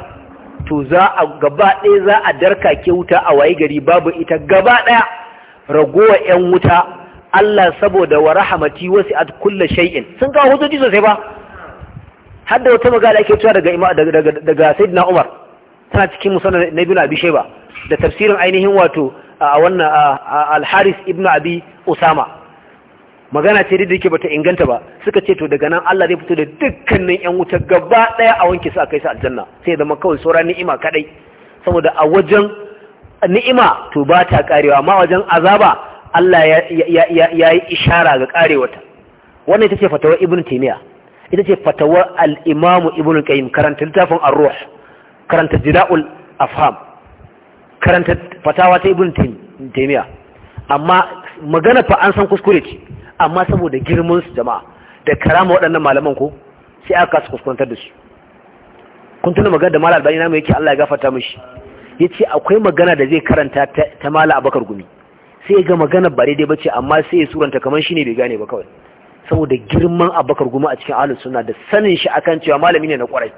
to za a gaba ɗaya za a darka ke wuta a waye gari babu ita gaba ɗaya ragowa 'yan wuta Allah saboda wa rahamati wasu at kulla shay'in sun kawo hujjoji sosai ba har wata magana ake cewa daga daga daga Sayyidina Umar tana cikin musannad na na bishe ba, da tafsirin ainihin wato wannan al-haris ibn abi usama magana ce da ke bata inganta ba suka ce to daga nan Allah zai fito da dukkanin yan wuta gaba daya a wanke su a kai su aljanna sai zama kawai saura ni'ima kadai saboda a wajen ni'ima to ba ta karewa amma wajen azaba Allah ya yi ishara ga karewata wannan ita ce fatawar ibn taymiya ita ce fatawar al-imam ibn qayyim karanta littafin ar-ruh karanta jida'ul afham karanta fatawa ta ibn taymiya amma magana fa an san kuskure ce amma saboda girman su jama'a da karama waɗannan malaman ko sai aka su kuskurantar da su kun tuna magana da mala albani na mai yake Allah ya gafarta mishi ce akwai magana da zai karanta ta mala abakar gumi sai ya ga magana ba daidai bace amma sai ya suranta kamar ne bai gane ba kawai saboda girman abakar gumi a cikin ahlus sunna da sanin shi akan cewa malami ne na kwarai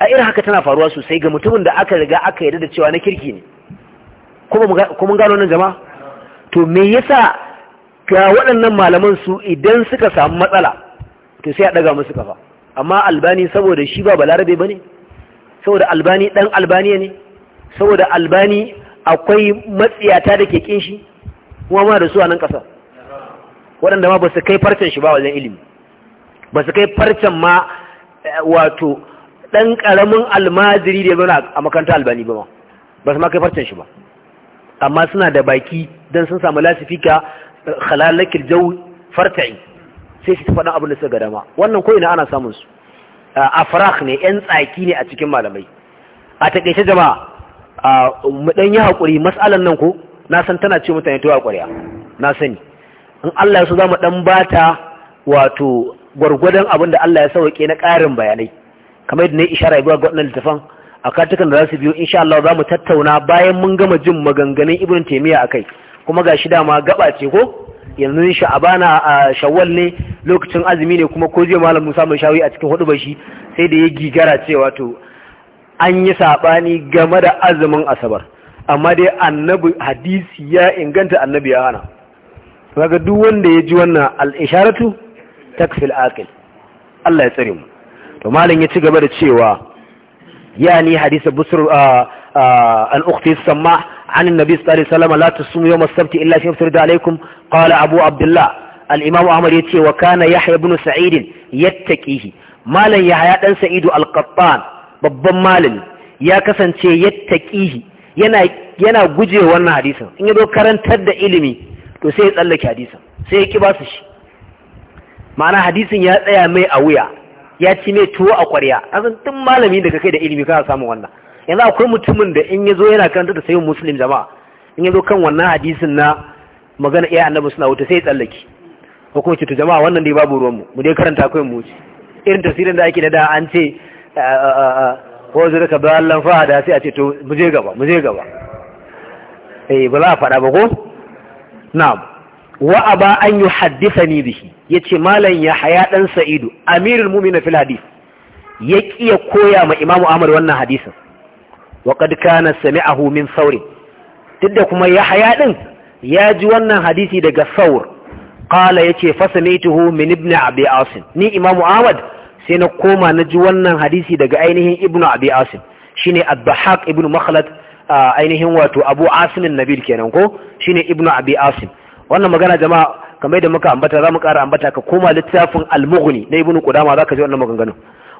a irin haka tana faruwa sosai ga mutumin da aka riga aka yarda da cewa na kirki ne ko mun gano nan jama'a to me yasa ga waɗannan malaman su idan suka samu matsala to sai a daga musu kafa amma albani saboda shi ba balarabe bane saboda albani dan albaniya ne saboda albani akwai matsiyata da ke kin shi kuma ma da su a nan ƙasa waɗanda ma ba su kai farcen shi ba wajen ilimi ba su kai farcen ma eh, wato ɗan ƙaramin almaziri da ya zauna a makarantar albani ba ba su ma kai farcen shi ba amma suna da baki don sun samu lasifika halalakil jau farta'i sai su faɗin abin da suka dama wannan ko ina ana samun su a farak ne yan tsaki ne a cikin malamai a taƙaice jama'a mu ɗan yi haƙuri matsalan nan ko na san tana ce mutane tuwa ƙwarya na sani in Allah ya so za mu ɗan bata wato gwargwadon abin da Allah ya sauke na ƙarin bayanai kamar yadda na yi ishara zuwa ga waɗannan littafan a katukan da za su biyo insha Allah za mu tattauna bayan mun gama jin maganganun ibn a kai kuma ga shi dama gaba ce ko yanzu sha'abana a shawwal ne lokacin azumi ne kuma ko zai malam Musa mai shawi a cikin hudu shi sai da ya gigara cewa to an yi sabani game da azumin asabar amma dai annabi hadisi ya inganta annabi ya hana kaga duk wanda ya ji wannan al-isharatu takfil aqil Allah ya tsare mu to malam ya ci gaba da cewa yani hadisa busur al-ukhti samma an annabi sallallahu alaihi wasallam la tusumu yawm as-sabt illa shay'in alaykum qala abu abdullah al-imam ahmad yace wa kana yahya ibn sa'id yattaqihi malam yahya dan sa'id al-qattan babban malami ya kasance yattaqihi yana yana guje wannan hadisin in zo karantar da ilimi to sai ya tsallake hadisin sai ya ki basu shi ma'ana hadisin ya tsaya mai a wuya ya ci mai tuwo a ƙwarya azan tun malami daga kai da ilimi kana samun wannan yanzu akwai mutumin da in yazo yana karanta da sayin muslim jama'a in yazo kan wannan hadisin na magana iya annabi suna wuta sai ya tsallake ko kuma cutu jama'a wannan dai babu ruwan mu mu dai karanta kawai mu irin tasirin da ake da da an ce ko zai ka bayan fa da sai a ce to mu je gaba mu je gaba eh ba za a faɗa ba ko na'am wa aba an yuhaddithani bihi yace malam Yahya ɗan Sa'idu amirul mu'minin fil hadith ya kiya koya ma Imam Ahmad wannan hadisin wa qad a sami'ahu saurin. Duk da kuma Yahya ɗin ya ji wannan hadisi daga saur, qala yace fasa sami'tuhu min ibn Abi Asin. ni Imam Ahmad sai na koma na ji wannan hadisi daga ainihin Ibn Abi Asin. shine Ad-Dhahhak ibn Makhlad ainihin wato Abu Asim nabil kenan ko shine Ibn Abi Asin, wannan magana jama'a kamar da muka ambata za mu ƙara ambata ka koma littafin al-mughni na ibnu qudama zaka ji wannan maganganun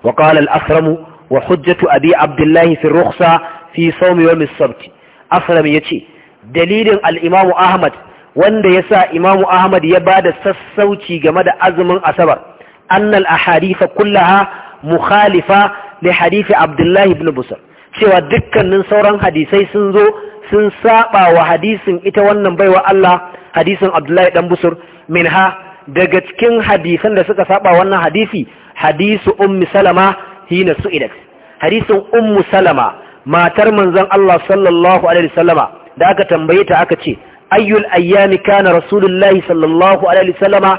wa qala al-asram wa hujjatu abi abdullahi fi rukhsa fi sawm yawm as-sabt asram yace dalilin al-imam ahmad wanda yasa imam ahmad ya bada sassauci game da azumin asabar annal ahadith kullaha mukhalifa li hadith abdullahi ibn busr cewa dukkanin sauran hadisai sun zo sun saba wa hadisin ita wannan baiwa Allah hadisin Abdullahi dan Busur minha daga cikin hadisan da suka saba wannan hadisi hadisu ummi salama hina su'idat hadisin ummu salama matar manzon Allah sallallahu alaihi wasallama da aka tambaye ta aka ce ayyul ayyami kana rasulullahi sallallahu alaihi wasallama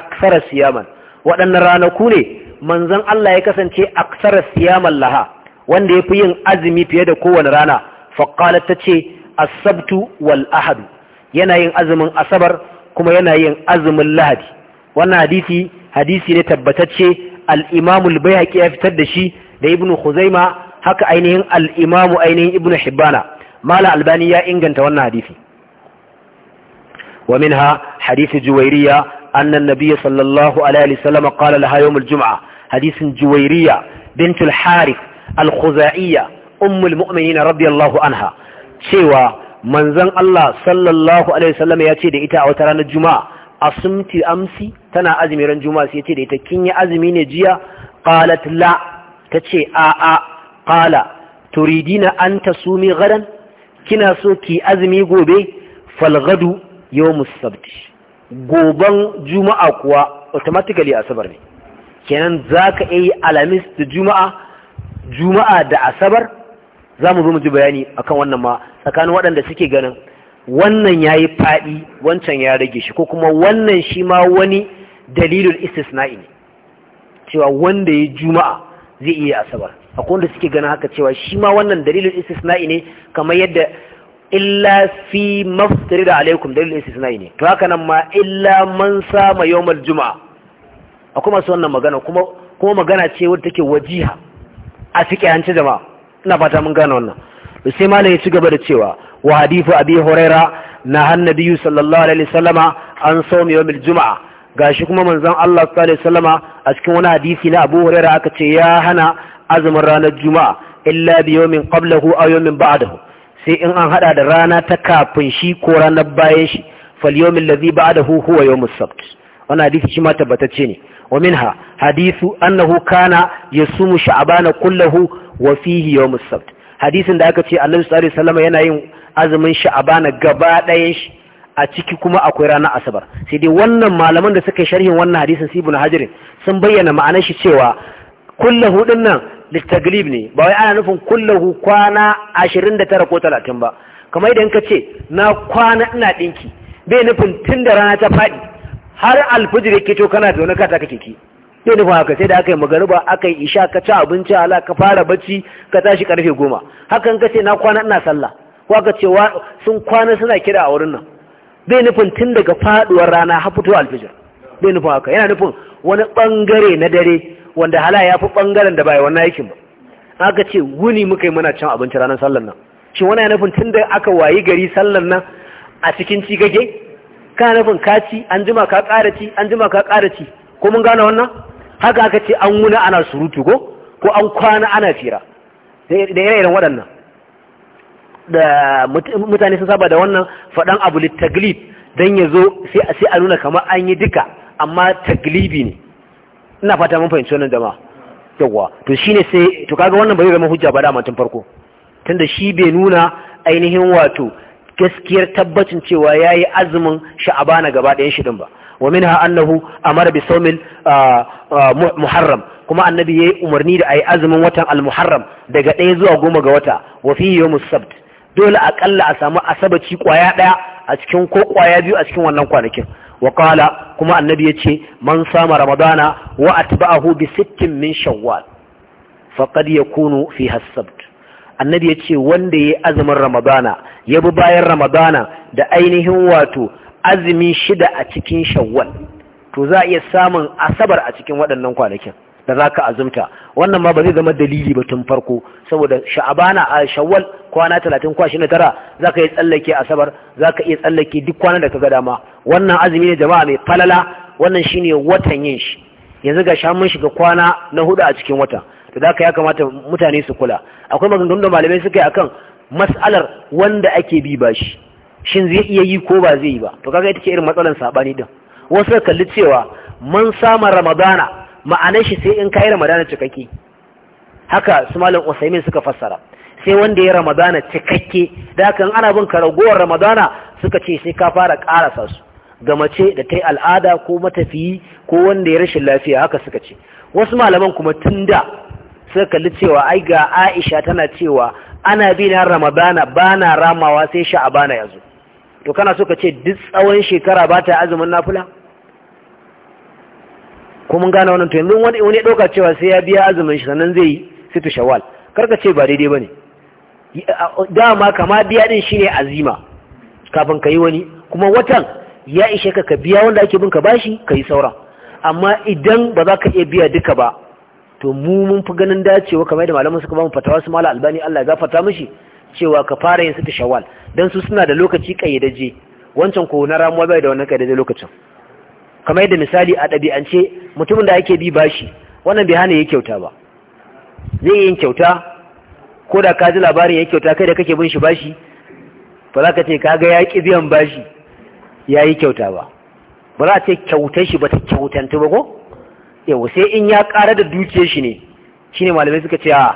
aksara siyaman waɗannan ranaku ne manzon Allah ya kasance aksara siyaman laha wanda ya fi yin azumi fiye da kowane rana faƙalar ta ce asabtu wal ahadu yana yin azumin asabar kuma yana yin azumin lahadi wannan hadisi hadisi ne tabbatacce al’imamul bai haƙi ya fitar da shi da ibn huzaima haka ainihin al’imamu ainihin ibn hibbana mala albani ya inganta wannan hadisi wa minha hadisi juwairiya annan nabiya sallallahu alaihi salama kala laha yawmul juma'a hadisin juwairiya bintul harif al-khuza'iyya ummul mu'minina radiyallahu anha cewa manzon Allah sallallahu alaihi wasallam ya ce da ita a wata ranar juma'a asumti amsi tana azumi ran juma'a sai ya ce da ita kin yi azumi ne jiya qalat la tace ce a'a qala turidina an sumi gadan kina so ki azumi gobe falgadu yau sabti goban juma'a kuwa automatically asabar ne kenan zaka yi alamis da juma'a juma'a da asabar za mu zo mu ji bayani akan wannan ma tsakanin waɗanda suke ganin wannan ya yi faɗi wancan ya rage shi ko kuma wannan shi ma wani isis istisna'i ne cewa wanda ya juma'a zai iya asabar akwai wanda suke ganin haka cewa shi ma wannan isis istisna'i ne kamar yadda illa fi maftari da alaikum isis istisna'i ne to haka nan ma illa man sama yawmal juma'a akwai masu wannan magana kuma magana ce wadda take wajiha a fiƙe hanci jama'a ina fata mun gane wannan sai malam ya ci gaba da cewa wa hadithu abi huraira na hannabiyu sallallahu alaihi wasallama an sawmi yawmil juma'a gashi kuma manzon Allah sallallahu alaihi wasallama a cikin wani hadisi na Abu Hurairah aka ce ya hana azumin ranar juma'a illa bi yawmin qablahu aw yawmin ba'dahu sai in an hada da rana ta kafin shi ko ranar bayan shi fal yawmin ladhi ba'dahu huwa yawmus sabt wannan hadisi shi ma tabbatacce ne ومنها حديث أنه كان يصوم شعبان كله وفيه يوم السبت حديث da aka ce Annabi sallallahu alaihi wasallam yana yin azumin Sha'ban gaba ɗayan shi a ciki kuma akwai ranar Asabar sai dai wannan malaman da suka sharhin wannan hadisin Ibn Hajar sun bayyana ma'anar shi cewa kullahu dinnan litaglib ne bawai ana nufin kullahu kwana da tara ko 30 ba kamar idan ka ce na kwana ina dinki bai nufin tun da rana ta faɗi har alfijir yake to kana fi wani kata kake ki ya nufin haka sai da aka yi magariba aka yi isha ka ci abinci ala ka fara bacci ka tashi karfe goma hakan ka ce na kwana ina sallah ko aka ce sun kwana suna kira a wurin nan bai nufin tun daga faduwar rana har fito alfijir bai nufin haka yana nufin wani bangare na dare wanda hala ya fi bangaren da bai wannan aikin ba aka ce wuni muka yi muna cin abinci ranar sallar nan shi wani ya nufin tun da aka wayi gari sallar nan a cikin cikake kana nufin kaci an jima ka ƙara an jima ka ƙara ko mun gane wannan haka aka ce an wuna ana surutu ko ko an kwana ana fira da ire-iren waɗannan da mutane sun saba da wannan faɗan abu littaglib don ya zo sai a nuna kamar an yi duka amma taglibi ne ina fata mun fahimci wannan jama'a yawwa to shine sai to kaga wannan bai zama hujja ba da tun farko tunda shi bai nuna ainihin wato gaskiyar tabbacin cewa yayi azumin sha'abana gaba ɗayan shi ba wa minha annahu amara bi sawmil ah, ah, muharram kuma annabi yayi umarni da a yi azumin watan al daga ɗaya zuwa goma ga wata wa fi yawmus sabt dole aƙalla a samu asabaci kwaya ɗaya a cikin ko kwaya biyu a cikin wannan kwanakin wa qala kuma annabi ce man sama ramadana wa atba'ahu bi sittin min shawwal faqad yakunu fi hasabt. annabi ya ce wanda ya yi azumin ramadana ya bi bayan ramadana da ainihin wato azumi shida a cikin shawwal to za a iya samun asabar a cikin waɗannan kwanakin da za ka azumta wannan ma ba zai zama dalili ba tun farko saboda sha'abana a shawwal kwana talatin kwa shi na tara za ka iya tsallake asabar za ka iya tsallake duk kwanan da ka ga dama wannan azumi ne jama'a mai falala wannan shine watan yin shi yanzu ga sha mun shiga kwana na hudu a cikin watan. to da ya kamata mutane su kula akwai maganganun da malamai suka yi akan mas'alar wanda ake bi ba shi shin zai iya yi ko ba zai yi ba to kaga ita ce irin matsalar sabani din wasu suka kalli cewa man sama ramadana ma'anar shi sai in kai ramadana cikakke haka su malam usaimin suka fassara sai wanda ya ramadana cikakke da kan ana bin karagowar ramadana suka ce sai ka fara karasa su ga mace da ta yi al'ada ko matafiyi ko wanda ya rashin lafiya haka suka ce wasu malaman kuma tun da suka kalli cewa ai ga Aisha tana cewa ana bi na Ramadana na ramawa sai Sha'abana yazo to kana so ka ce duk tsawon shekara ba ta azumin nafila ko mun gane wannan to yanzu wani wani dauka cewa sai ya biya azumin shi sannan zai yi situ shawwal karka ce ba daidai bane dama kama biya din shine azima kafin ka yi wani kuma watan ya ishe ka ka biya wanda ake bin ka bashi ka yi sauran amma idan ba za ka iya biya duka ba to mu mun fi ganin dacewa kamar da malaman suka ba mu fatawa su mala albani Allah ya gafarta mishi cewa ka fara yin sita shawal dan su suna da lokaci kayyadaje wancan ko na ramuwa bai da wannan kayyadaje lokacin kamar yadda misali a ɗabi'ance mutumin da ake bi bashi wannan bai hana ya kyauta ba zai yin kyauta ko da ka ji labarin ya kyauta kai da kake bin shi bashi ba za ka ce ka ga ya biyan bashi ya yi kyauta ba ba za a ce kyautar shi ba ta kyautantu ba ko yawa sai in ya ƙara da duke shi ne shi ne malamai suka ce a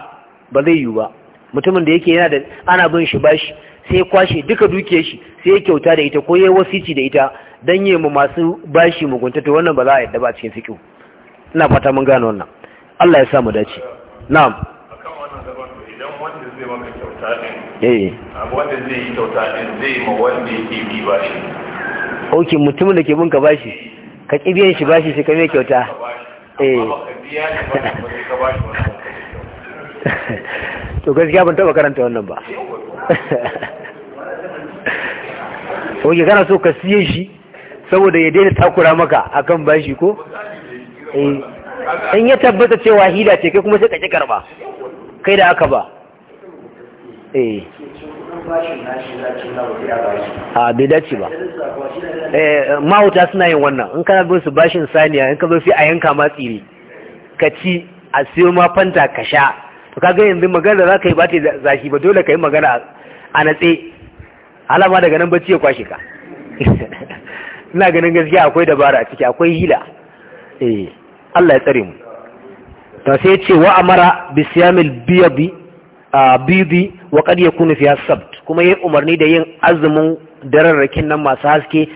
ba zai yiwu ba mutumin da yake yana da ana bin shi bashi sai kwashe duka duke shi sai ya kyauta da ita ko ya wasici da ita don yi masu bashi mugunta to wannan ba za a yadda ba a cikin sikiyu, ina fata mun gane wannan Allah ya sa mu dace na'am akan idan wanda zai kyauta eh. yi mutumin da ke bin ka bashi ka biyan shi bashi sai ka mai kyauta Eh. to gaskiya ban taba karanta wannan ba oke kana so ka siye shi saboda ya daina takura maka akan bashi ko eh. in ya tabbata cewa hila ce kai kuma sai ka karba kai da aka ba eh a bai dace ba eh, mahauta suna yin wannan in kana bin su bashin saniya in ka zo fi a yanka ma tsiri ka ci a siyo ma fanta ka sha to ga yanzu magana za ka yi ba ta zafi ba dole ka yi magana a natse alama daga nan bacci ya kwashe ka ina ganin gaskiya akwai dabara a ciki akwai hila eh Allah ya tsare mu to sai ce wa amara bi siyamil biyadi wa ya kuna fiha sabt kuma yi umarni da yin azumin dararrakin nan masu haske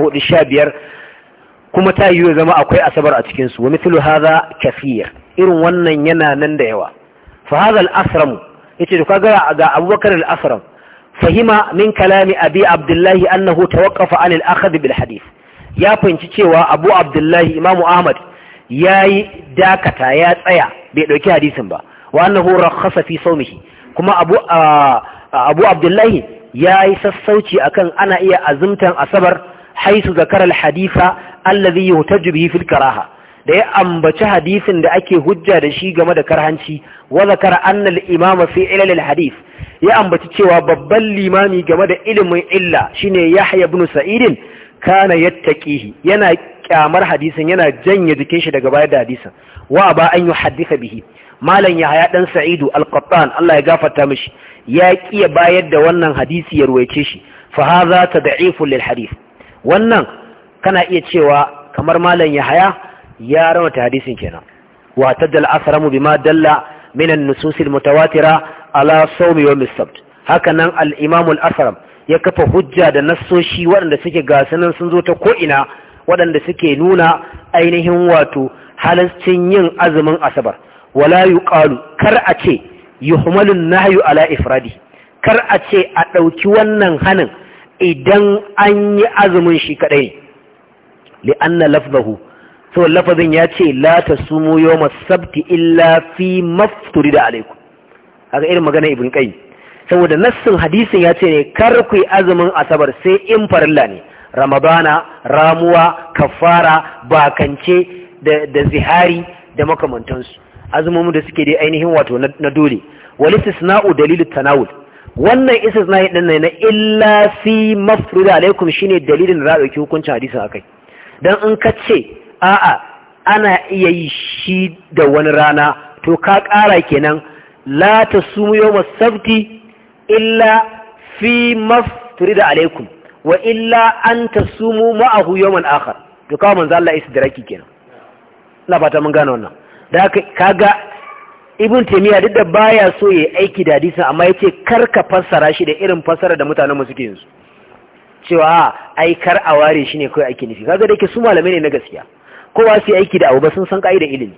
hudu sha biyar kuma ta yiwu zama akwai asabar a cikin su wa haza hadha irin wannan yana nan da yawa fa haza al-asram yace to kaga ga Abubakar al-asram fahima min kalami abi abdullahi annahu tawaqqafa an al-akhd bil hadith ya fahimci cewa Abu Abdullahi Imam Ahmad yayi dakata ya tsaya bai dauki hadisin ba wa annahu rakhasa fi sawmihi kuma abu abu abdullahi ya yi sassauci akan ana iya azumtan asabar haisu zakar alhadifa allazi yuhtaju bihi fil karaha da ya ambaci hadisin da ake hujja da shi game da karhanci wa zakar anna al-imama fi ilal al ya ambaci cewa babban limami game da ilimin illa shine Yahya ibn sa'idin kana yattaqihi yana kyamar hadisin yana janye jikin shi daga bayar da hadisin wa ba an yuhaddisa bihi malam yahaya dan sa'idu al-qattan Allah ya gafarta mishi ya kiya bayar da wannan hadisi ya ruwaice shi fa hadha tad'ifu lil hadith wannan kana iya cewa kamar malam yahaya ya rawata hadisin kenan wa tadal asramu bima dalla min an-nusus al-mutawatira ala sawmi yawm as-sabt hakanan al-imam al-asram ya kafa hujja da nassoshi waɗanda suke gasanan sun zo ta ko'ina waɗanda suke nuna ainihin wato halascin yin azumin asabar wala yuƙalu, kar a ce yuhmalun nahyu ala ifradi kar a ce a ɗauki wannan hanin idan an yi azumin shi kadai ne li'anna lafzahu so lafazin ya ce la tasumu yawma sabti illa fi mafturida alaikum haka irin magana ibn kai saboda nassin hadisin ya ce ne kar ku yi azumin asabar sai in farilla ne ramadana ramuwa kafara bakance da zihari da makamantansu azumomin da suke dai ainihin wato na dole wal istisna'u dalil tanawul wannan istisna'i din ne na illa fi mafruda alaikum shine dalilin da za a dauki hukuncin hadisin akai dan in ka ce a'a ana iya yi shi da wani rana to ka ƙara kenan la tasumu yawma sabti illa fi mafruda alaikum wa illa an tasumu ma'ahu yawman akhar to kawo manzo Allah raki kenan ina fata mun gane wannan da kaga ibn taymiya duk da baya so yayi aiki da hadisin amma yace kar ka fassara shi da irin fassara da mutanen mu suke yanzu cewa ah, ai kar a ware shi ne kai ake nufi kaga da yake su malamai ne na gaskiya kowa sai aiki da abu ba sun san da ilimi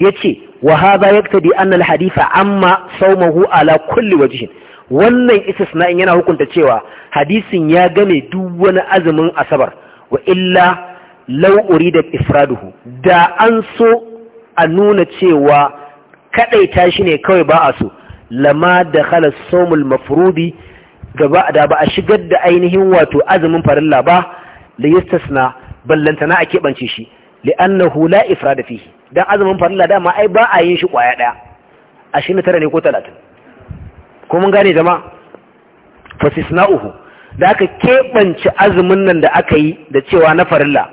yace wa hadha yaqtadi anna al haditha amma sawmuhu ala kulli wajhin wannan istisna'in yana hukunta cewa hadisin ya game duk wani azumin asabar wa illa law urida ifraduhu da an so a nuna cewa kaɗaita shi ne kawai ba a so lama da halar somul Gaba da ba a shigar da ainihin wato azumin farilla ba da yastasna ballantana a keɓance shi li'annahu la ifrada fihi dan azumin farilla dama ai ba a yin shi kwaya daya tara ne ko talatin? ko mun gane jama'a fasisna'uhu da aka keɓance azumin nan da aka yi da cewa na farilla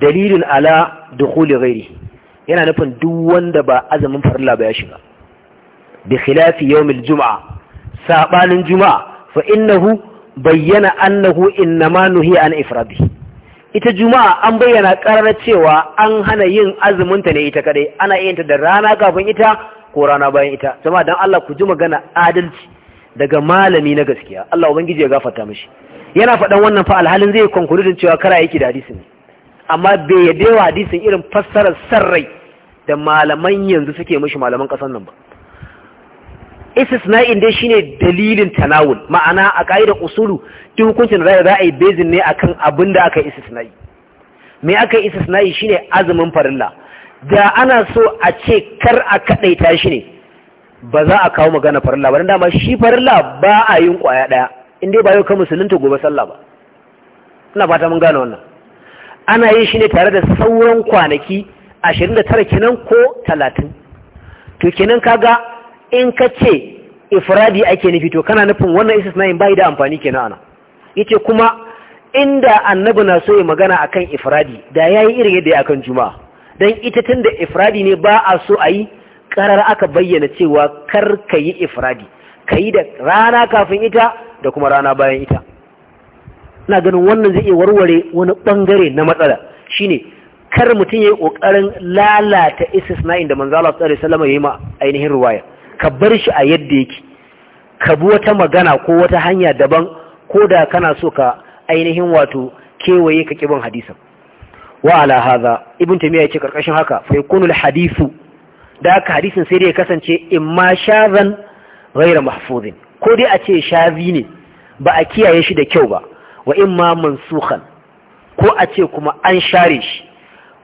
dalilin ala dukhuli ghairi yana nufin duk wanda ba azumin farilla ba ya shiga bi khilafi yawmil juma'a sabanin juma'a fa innahu bayyana annahu ma nuhi an ifradi ita juma'a an bayyana karar cewa an hana yin azumin ta ne ita kadai ana yin ta da rana kafin ita ko rana bayan ita jama'a dan Allah ku ji magana adalci daga malami na gaskiya Allah ubangiji ya gafarta mishi yana faɗan wannan fa alhalin zai konkuridin cewa kara yake da hadisi ne amma bai yadda yawa hadisin irin fassarar sarrai da malaman yanzu suke mashi malaman ƙasar nan ba istisna'in dai shine dalilin tanawul ma'ana a ƙa’idar usulu duk hukuncin da za a yi bezin ne akan abin da aka yi istisna'i me aka yi shi shine azumin farilla da ana so a ce kar a kaɗaita shi ne ba za a kawo magana farilla ba dama shi farilla ba a yin ƙwaya ɗaya, inda ba yau kan musulunta gobe sallah ba ina fata mun gane wannan ana yin shi ne tare da sauran kwanaki tara kenan ko talatin, to kenan kaga in ka ce ifradi ake nufi to kana nufin wannan istisna'in bai da amfani kenan ana yace kuma inda annabi na so ya magana akan ifradi da yayi irin yadda ya akan juma'a dan ita tunda ifradi ne ba a so ayi karar aka bayyana cewa kar ka yi ifradi ka yi da rana kafin ita da kuma rana bayan ita ina ganin wannan zai iya warware wani bangare na matsala shine kar mutum yi kokarin lalata istisna'in da manzo Allah sallallahu alaihi wasallam yayi ma ainihin ruwaya ka bar shi a yadda yake ka bi wata magana ko wata hanya daban ko da kana so ka ainihin wato kewaye ka kibin hadisin wa ala hadha ibn tamiya yace karkashin haka fa yakunu al hadithu da haka hadisin sai dai ya kasance ma shazan raira mahfuzin ko dai a ce shazi ne ba a kiyaye shi da kyau ba wa ma mansukhan ko a ce kuma an share shi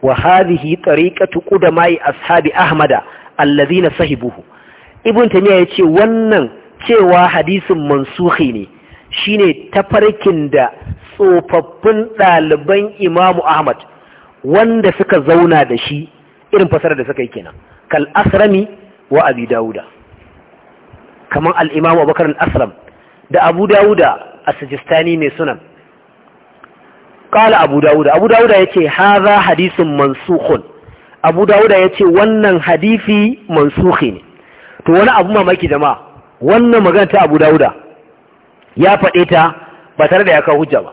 wa hadhihi tariqatu qudamai ashabi ahmada alladhina sahibuhu ibn tamiya yace wannan cewa hadisin mansukhi ne shine tafarkin da tsofaffin ɗaliban imamu ahmad wanda suka zauna da shi irin fasara da suka yi kenan kal asrami wa abi dawuda kamar al'imamu abubakar asram da abu dawuda a sajistani mai sunan kala abu Dawuda, abu Dawuda ce yace hadha hadisun mansukhun abu Dawuda ya ce wannan hadisi mansukhi ne to wani abu mamaki jama'a wannan maganta ta abu Dawuda ya faɗe ta ba tare da ya kawo hujja ba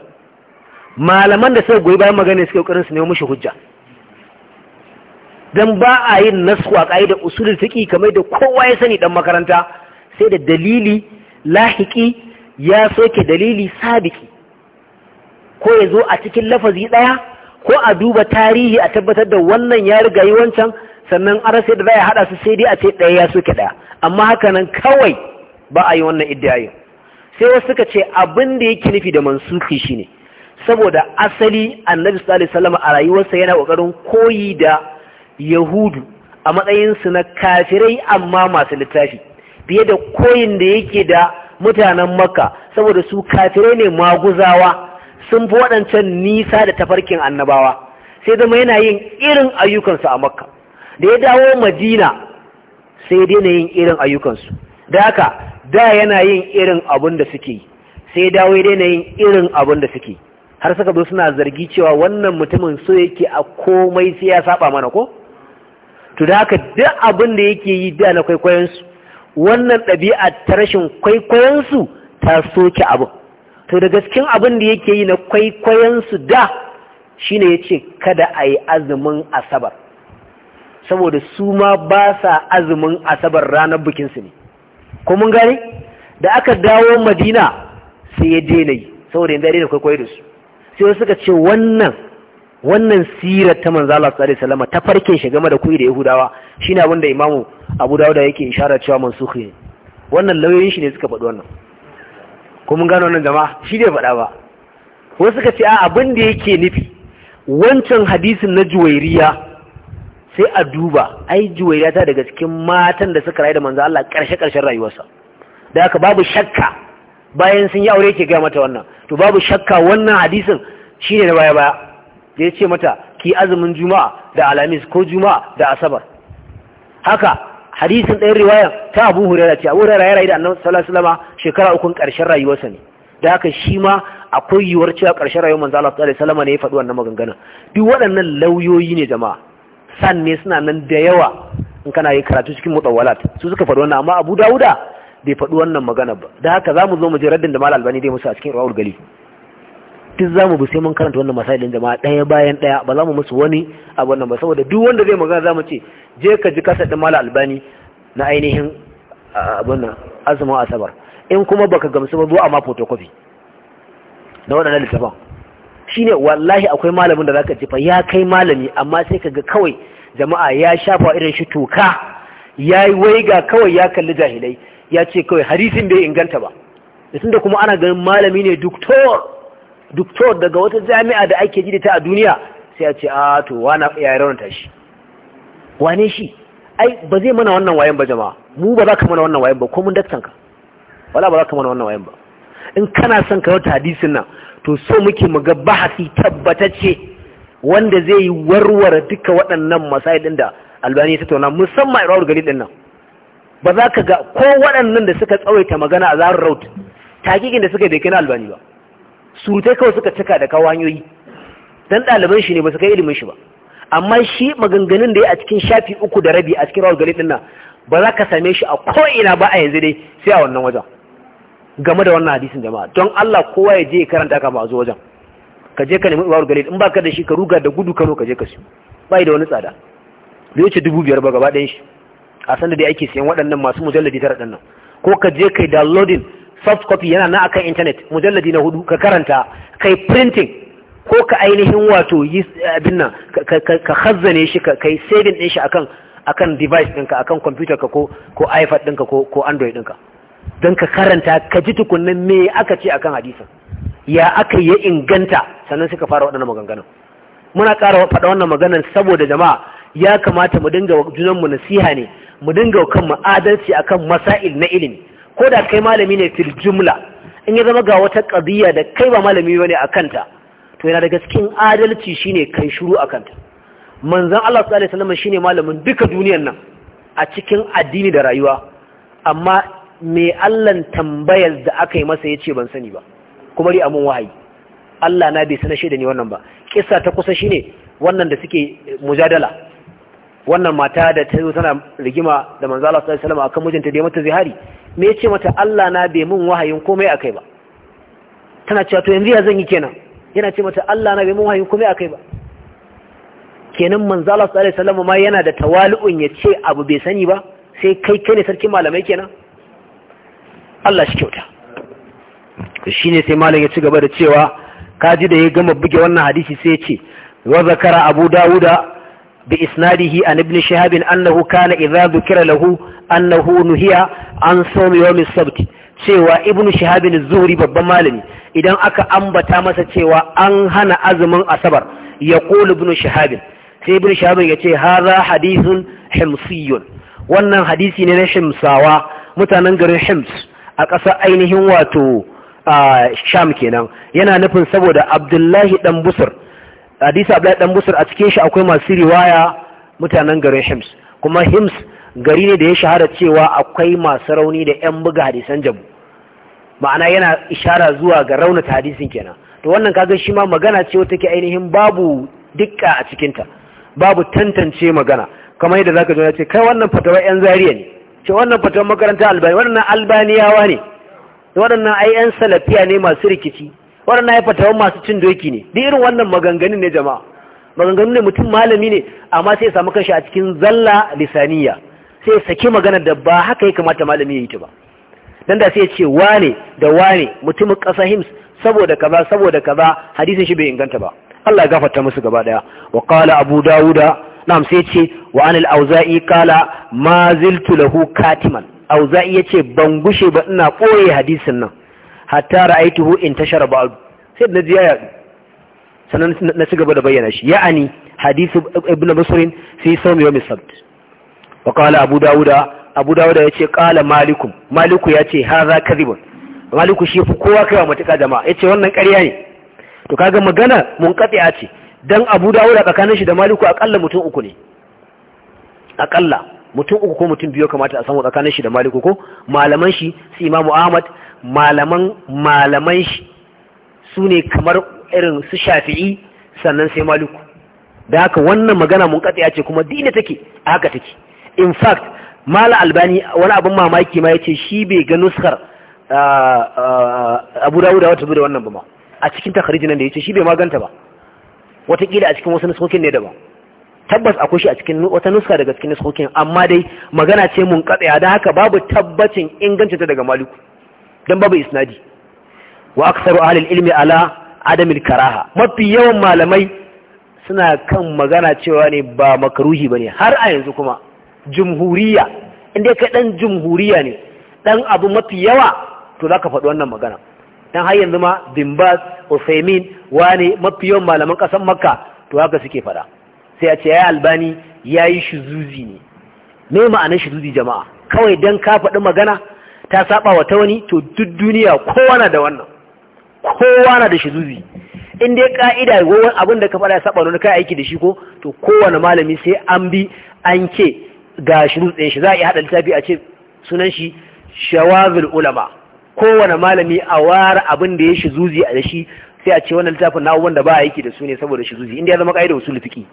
malaman da suka goyi bayan magana suke kokarin su nemo mishi hujja dan ba a yin naskwa a da usulul fiqi kamar da kowa ya sani dan makaranta sai da dalili lahiki ya soke dalili sabiki ko ya zo a cikin lafazi ɗaya ko a duba tarihi a tabbatar da wannan ya riga yi wancan sannan an rasa da za a haɗa su sai dai a ce ɗaya ya soke ɗaya amma haka nan kawai ba a yi wannan iddiyayin sai wasu suka ce abin da yake nufi da mansuki shine saboda asali annabi sallallahu alaihi wasallam a rayuwarsa yana kokarin koyi da yahudu a matsayin su na kafirai amma masu littafi fiye da koyin da yake da mutanen makka saboda su kafirai ne maguzawa sun fi waɗancan nisa da tafarkin annabawa sai zama yana yin irin ayyukansu a makka da ya dawo madina sai daina yin irin ayyukansu da haka da yana yin irin abin da suke sai dawo ya daina yin irin abin da suke har suka zo suna zargi cewa wannan mutumin so yake a komai sai ya saba mana ko to da haka duk abin da yake yi da na kwaikwayonsu wannan ɗabi'a ta rashin kwaikwayonsu ta soke abin to da gaskin abin da yake yi na su da shi ne ya ce kada a yi azumin asabar saboda su ma ba sa azumin asabar ranar bikinsu ne ko mun gane da aka dawo madina sai ya daina yi saboda yanzu daina kwaikwayo da su sai wasu suka ce wannan wannan sirar ta manzo Allah sallallahu alaihi wasallam ta farke shi game da kuyi da Yahudawa shine abin da Imam Abu Dawud yake isharar cewa mansukhi ne wannan lauyoyin shi ne suka faɗi wannan kuma mun gano nan gama shi ne faɗa ba wasu suka ce abin da yake nufi wancan hadisin na juwairiya sai a duba ai juwairiya ta daga cikin matan da suka rayu da manzo Allah karshe karshen rayuwarsa da aka babu shakka bayan sun yi aure yake ga mata wannan to babu shakka wannan hadisin shine na baya baya da ya ce mata ki azumin juma'a da alamis ko juma'a da asabar haka hadisin ɗayan riwaya ta abu hurera ce abu hurera ya rayu da annabi sallallahu alaihi wasallam shekara ukun ƙarshen rayuwarsa ne da haka shi ma akwai yiwuwar cewa ƙarshen rayuwar manzo Allah sallallahu alaihi wasallam ne ya faɗi wannan magangana duk waɗannan lauyoyi ne jama'a san ne suna nan da yawa in kana yi karatu cikin mutawwalat su suka faɗi wannan amma Abu Dawuda bai faɗi wannan magana ba da haka zamu zo mu je raddin da Malam Albani dai musu a cikin Rawul Gali duk zamu bi sai mun karanta wannan masalin jama'a ɗaya bayan ɗaya ba za mu musu wani abu wannan ba saboda duk wanda zai magana mu ce je ka ji kasa ɗin mala albani na ainihin abin nan azumin asabar in kuma baka gamsu ba zo a ma photocopy na waɗannan littafan ne wallahi akwai malamin da za ji fa ya kai malami amma sai ka ga kawai jama'a ya shafa irin shi toka wai waiga kawai ya kalli jahilai ya ce kawai hadisin bai inganta ba da kuma ana ganin malami ne doktor doktor daga wata jami'a da ake ji da ta a duniya sai a ce a ah, to wana ya raunta shi wane shi ai ba zai mana wannan wayan ba jama'a mu ba za ka mana wannan wayan ba ko mun daktan ka wala ba za ka mana wannan wayan ba in kana son ka wata hadisin nan to so muke mu ga bahasi tabbatacce wanda zai yi warware duka waɗannan masai din da albani ya tattauna musamman irawar gari din nan ba za ka ga ko waɗannan da suka tsawaita magana a zarar raut takikin da suka bai na albani ba surutai kawai suka cika da kawo hanyoyi dan ɗaliban shi ne ba su kai ilimin shi ba amma shi maganganun da ya a cikin shafi uku da rabi a cikin rawar gari dinnan ba za ka same shi a ko'ina ba a yanzu dai sai a wannan wajen game da wannan hadisin jama'a don Allah kowa ya je ya karanta ka ba a wajen ka je ka nemi rawar gari in baka da shi ka ruga da gudu Kano ka je ka siyo bai da wani tsada da ya ce dubu biyar ba gaba ɗayan shi a sanda dai ake siyan waɗannan masu mujalladi tara nan. ko ka je kai downloading soft copy yana na akan internet mujalladi na hudu ka karanta kai printing ko ka ainihin wato yi abin nan ka hazzane shi ka kai saving din shi akan akan device ɗinka akan computer ka ko iPad ɗinka ko Android ɗinka don ka karanta ka ji tukunnan me aka ce akan hadisa ya aka yi inganta sannan suka fara waɗannan maganganun muna ƙara faɗa wannan maganar saboda jama'a ya kamata mu dinga junan mu nasiha ne mu dinga kan mu adalci akan masail na ilimi ko da kai malami ne fil jumla in ya zama ga wata qadiya da kai ba malami bane akan ta to yana daga cikin adalci shine kai shuru a kanta manzon Allah sallallahu alaihi wasallam shine malamin duka duniyar nan a cikin addini da rayuwa amma me Allah tambayar da aka yi masa ce ban sani ba kuma ri amun wahayi Allah na bai sanashe da ni wannan ba kissa ta kusa shine wannan da suke mujadala wannan mata da ta zo tana rigima da manzo Allah sallallahu alaihi wasallam akan mijinta da ya mata zihari me yace mata Allah na bai mun wahayin komai akai ba tana cewa to yanzu ya zan yi kenan yana ce mata Allah na bai mun wahayi kuma akai ba kenan manzo Allah sallallahu alaihi wasallam ma yana da tawali'un ya ce abu bai sani ba sai kai kai ne sarkin malamai kenan Allah shi kyauta shine sai malam ya ci gaba da cewa kaji da ya gama buge wannan hadisi sai ya ce wa zakara abu dawuda bi isnadihi an ibn shihab annahu kana idza dhukira lahu annahu nuhiya an sawmi yawm as-sabt cewa ibn shihab az-zuhri babban malami idan aka ambata masa cewa an hana azumin asabar ya ƙoli bin shahabin sai bin shahabin ya ce haza hadisun himsiyun wannan hadisi ne na himsawa mutanen garin hims a ƙasa ainihin wato sham kenan yana nufin saboda abdullahi dan busur hadisa abdullahi dan busur a cikin shi akwai masu riwaya mutanen garin hims kuma hims gari ne da ya shahara cewa akwai masu rauni da 'yan buga hadisan jabu ma'ana yana ishara zuwa ga raunata hadisin kenan to wannan kaga shi ma magana ce wata ke ainihin babu dukka a cikin ta babu tantance magana kamar yadda zaka ji ce kai wannan fatawar yan zariya ne ce wannan fatawar makaranta albani wannan albaniyawa ne waɗannan ai yan salafiya ne masu rikici waɗannan ai fatawa masu cin doki ne duk irin wannan maganganun ne jama'a maganganun ne mutum malami ne amma sai ya samu kanshi a cikin zalla lisaniya sai ya saki magana da ba haka ya kamata malami ya yi ta ba dan da sai ya ce wane da wane mutumin ƙasa hims saboda kaza saboda kaza hadisin shi bai inganta ba Allah ya gafarta musu gaba daya wa qala abu dauda na'am sai ce wa anil auzai qala ma ziltu lahu katiman auza'i yace ban gushe ba ina koye hadisin nan hatta ra'aituhu intashara ba'd sai da jiya sanan na ci gaba da bayyana shi ya'ani hadisu ibn muslim fi sawmi yawm sabt wa qala abu dauda abu dawuda ya ce ƙala malikum maliku ya ce ha za kazibun maliku shi fi kowa wa matuƙa jama'a ya ce wannan ƙarya ne to kaga magana mun katse ce don abu dawuda tsakanin shi da maliku aƙalla mutum uku ne aƙalla mutum uku ko mutum biyu kamata a samu tsakanin shi da maliku ko malaman shi su imamu ahmad malaman malaman shi su ne kamar irin su shafi'i sannan sai maliku da haka wannan magana mun katse ce kuma dina take haka take in fact mala albani wani abin mamaki ma ya ce shi bai ga nuskar ah, ah, abu dawuda wata da wannan ba ma a cikin takarijin nan da ya ce shi bai maganta ba watakila a cikin wasu nuskokin ne daban tabbas akwai shi a cikin wata nuska daga cikin nuskokin amma dai magana ce mun katsaya don haka babu tabbacin ingancin ta daga maliku don babu isnadi wa aksaru ahlil ilmi ala adamil karaha mafi yawan malamai suna kan magana cewa ne ba makaruhi bane har a yanzu kuma jumhuriya inda ka dan jumhuriya ne dan abu mafi yawa to zaka faɗi wannan magana dan har yanzu ma Bimbas Usaimin wane mafi yawan malaman ƙasar Makka to haka suke faɗa sai a ce ya Albani yayi shuzuzi ne me ma'anar shuzuzi jama'a kawai dan ka faɗi magana ta saba wa ta wani to duk duniya kowa na da wannan kowa na da shuzuzi in dai ka'ida abin da ka faɗa ya saba wani kai aiki da shi ko to kowane malami sai an bi an ce ga shirus ɗin shi za a iya haɗa littafi a ce sunan shi shawazul ulama kowane malami a wara abin da ya shi zuzi a shi sai a ce wannan littafin na abubuwan da ba a yake da su ne saboda shi zuzi inda ya zama ƙa'ida usul fiqi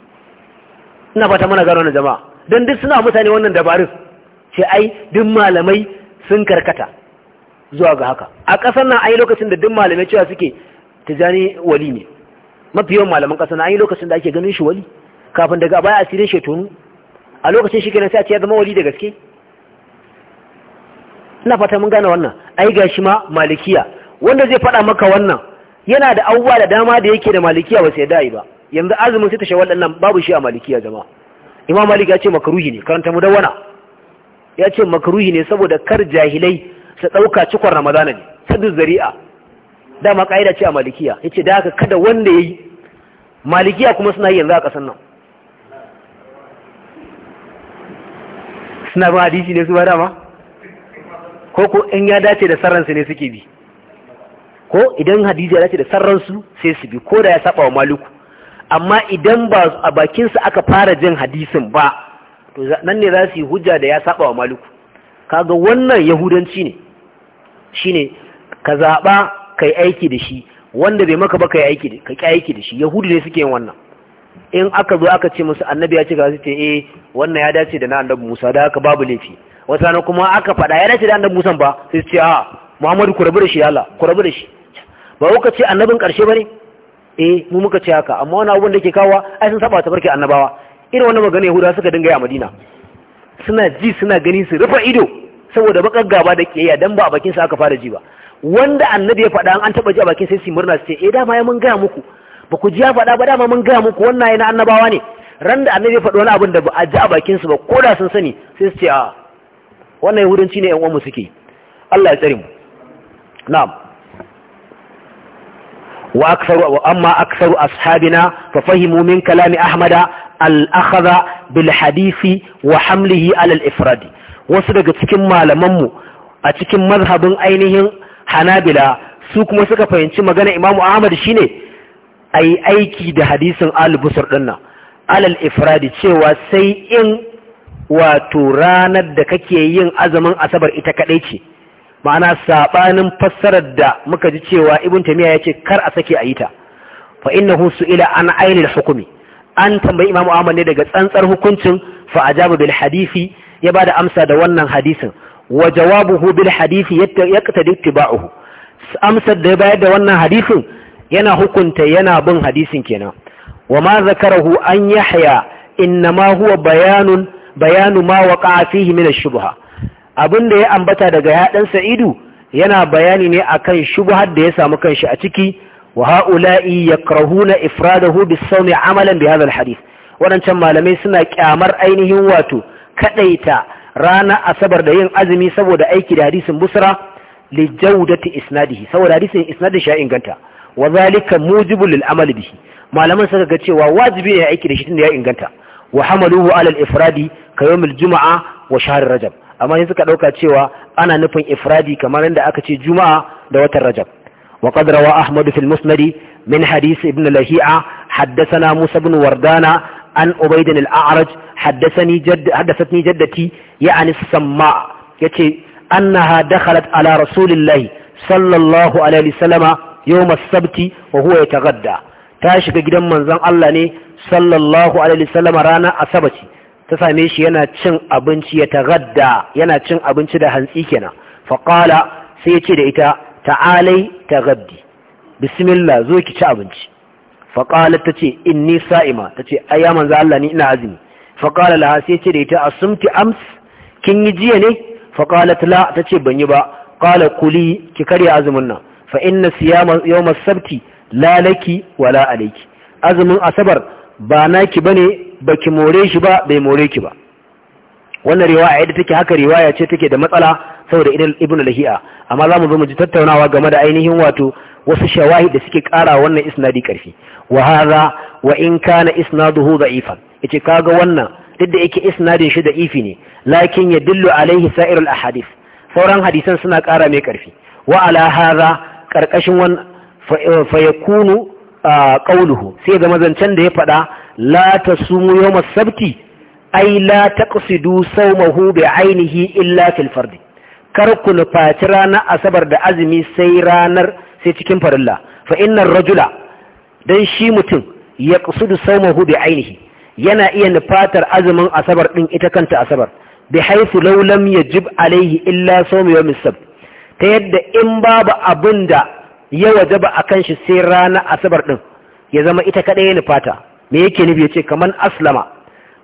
ina fata mana gano wannan jama'a don duk suna mutane wannan dabarun ce ai duk malamai sun karkata zuwa ga haka a ƙasar nan ai lokacin da duk malamai cewa suke tijani wali ne mafi yawan malaman ƙasar nan ai lokacin da ake ganin shi wali kafin daga baya asirin shetonu a lokacin shi kenan sai a ce ya zama wali da gaske ina fata mun gane wannan ai gashi ma malikiya wanda zai faɗa maka wannan yana da abubuwa da dama da yake da malikiya ba sai da'i ba yanzu azumin sai ta shawal nan babu shi a malikiya jama'a imam malik ya ce makruhi ne karanta wana. ya ce makruhi ne saboda kar jahilai su dauka cikon ramadana ne sadu zari'a dama ka'ida ce a malikiya yace da haka kada wanda yayi malikiya kuma suna yi yanzu a kasan nan suna ba hadisi ne su ba dama ko ko in ya dace da sarransu ne suke bi ko idan hadisi ya dace da sarransu sai su bi ko da ya saba wa maluku amma idan ba a bakinsa aka fara jin hadisin ba to nan ne za su yi hujja da ya saba wa maluku kaga wannan yahudanci ne shine ka zaɓa kai aiki da shi wanda bai maka ba kai aiki da aiki da shi yahudu ne suke yin wannan in aka zo aka ce musu annabi ya ce ga su ce eh wannan ya dace da na annabi Musa da haka babu laifi wata na kuma aka faɗa ya dace da annabi Musa ba sai su ce a ah, Muhammadu ku rabu da shi Allah ku rabu da shi ba kuka ce annabin ƙarshe bane eh mu muka ce haka amma wani abubuwan da ke kawo ai sun saba tafarki annabawa irin wannan magana Yahuda suka dinga yi a Madina suna ji suna gani su rufe ido saboda bakar gaba da kiyaya dan ba a bakin sa aka fara ji ba wanda annabi ya faɗa an taɓa ji a bakin sai su murna su ce eh dama ya mun gaya muku ba ku ji ya faɗa ba dama mun gaya muku wannan yana annabawa ne ran da annabi faɗi wani abin da ba a ji a bakin su ba ko da sun sani sai su ce a wannan yahudanci ne yan uwan mu suke Allah ya tsare mu na'am wa aktharu wa amma aktharu ashabina fa fahimu min kalami ahmada al akhadha bil hadisi wa hamlihi ala al ifradi wasu daga cikin malaman mu a cikin mazhabin ainihin hanabila su kuma suka fahimci magana imamu ahmad shine a yi aiki da hadisin alibusur ɗinnan alal ifradi cewa sai in wato ranar da kake yin azumin asabar ita kaɗai ce ma'ana saɓanin fassarar da muka ji cewa ibn tamiya ya ce kar a sake a yi ta fa husu ila an ainihin hukumi an tambayi imamu ahmad ne daga tsantsar hukuncin fa jabu bil hadisi ya bada amsa da wannan hadisin wa jawabuhu bil hadisi yaqtadi ittiba'uhu amsar da ya bayar da wannan hadisin yana hukunta yana bin hadisin kenan wa ma zakarahu an yahya innama huwa bayanun bayanu ma waqa fihi min ash-shubha abinda ya ambata daga yadan sa'idu yana bayani ne akan shubhar da ya samu kanshi a ciki wa haula'i yakrahuna ifradahu bis mai amalan bi hadha al-hadith wadancan malamai suna kyamar ainihin wato kadaita rana asabar da yin azumi saboda aiki da hadisin busra li jawdati isnadihi saboda hadisin isnadin sha inganta wa zalika mujibul lil amal bihi malaman suka ga cewa wajibi ne ya aiki da shi tunda ya inganta wa Alal ifradi ka yawmil jumaa wa shahr rajab amma ne suka ɗauka cewa ana nufin ifradi kamar yadda aka ce jumaa da watan rajab wa qad rawa Ahmadu fil musnad min hadith ibn lahi'a haddathana musa ibn wardana an ubayd al a'raj haddathani jadd haddathatni jaddati ya'ni samma yace annaha dakhalat ala rasulillahi sallallahu alaihi wasallama yau masabti wa huwa ya tagadda ta shiga gidan manzon Allah ne sallallahu alaihi sallama. rana asabaci ta same shi yana cin abinci ya tagadda yana cin abinci da hantsi kenan faqala sai ya ce da ita ta'alai tagaddi bismillah zo ki ci abinci faqala ta ce inni sa'ima ta ce ayya manzon Allah ni ina azumi faqala laha sai ya ce da ita asumti ams kin yi jiya ne faqalat la ta ce ban yi ba qala kuli ki karya azumin nan fa inna siyama yawmas sabti la laki wala alayki azumin asabar ba naki bane baki more shi ba bai more ki ba wannan riwaya yadda take haka riwaya ce take da matsala saboda ibn lahi'a amma zamu zo mu ji tattaunawa game da ainihin wato wasu shawahid da suke kara wannan isnadi karfi wa hadha wa in kana isnaduhu da'ifan yace kaga wannan duk da yake isnadin shi da'ifi ne lakin yadullu alaihi sa'irul ahadith sauran hadisan suna kara mai karfi wa ala hadha ƙarƙashin wani fayakunu eh, a ƙauluhu sai zama zancen da ya faɗa la ta sumu yau sabti ai la ta ƙusidu sau mahu bai ainihi illa filfardi kar ku nufaci ranar asabar da azumi sai ranar sai cikin farilla fa innan rajula don shi mutum ya ƙusudu sau mahu bai ainihi yana iya nufatar azumin asabar ɗin ita kanta asabar bi haifu laulam ya jib alaihi illa sau mai yau ta yadda in babu abin da ya ba a kan shi sai rana asabar ɗin ya zama ita kaɗai ya nufata me yake nufi ya ce kamar aslama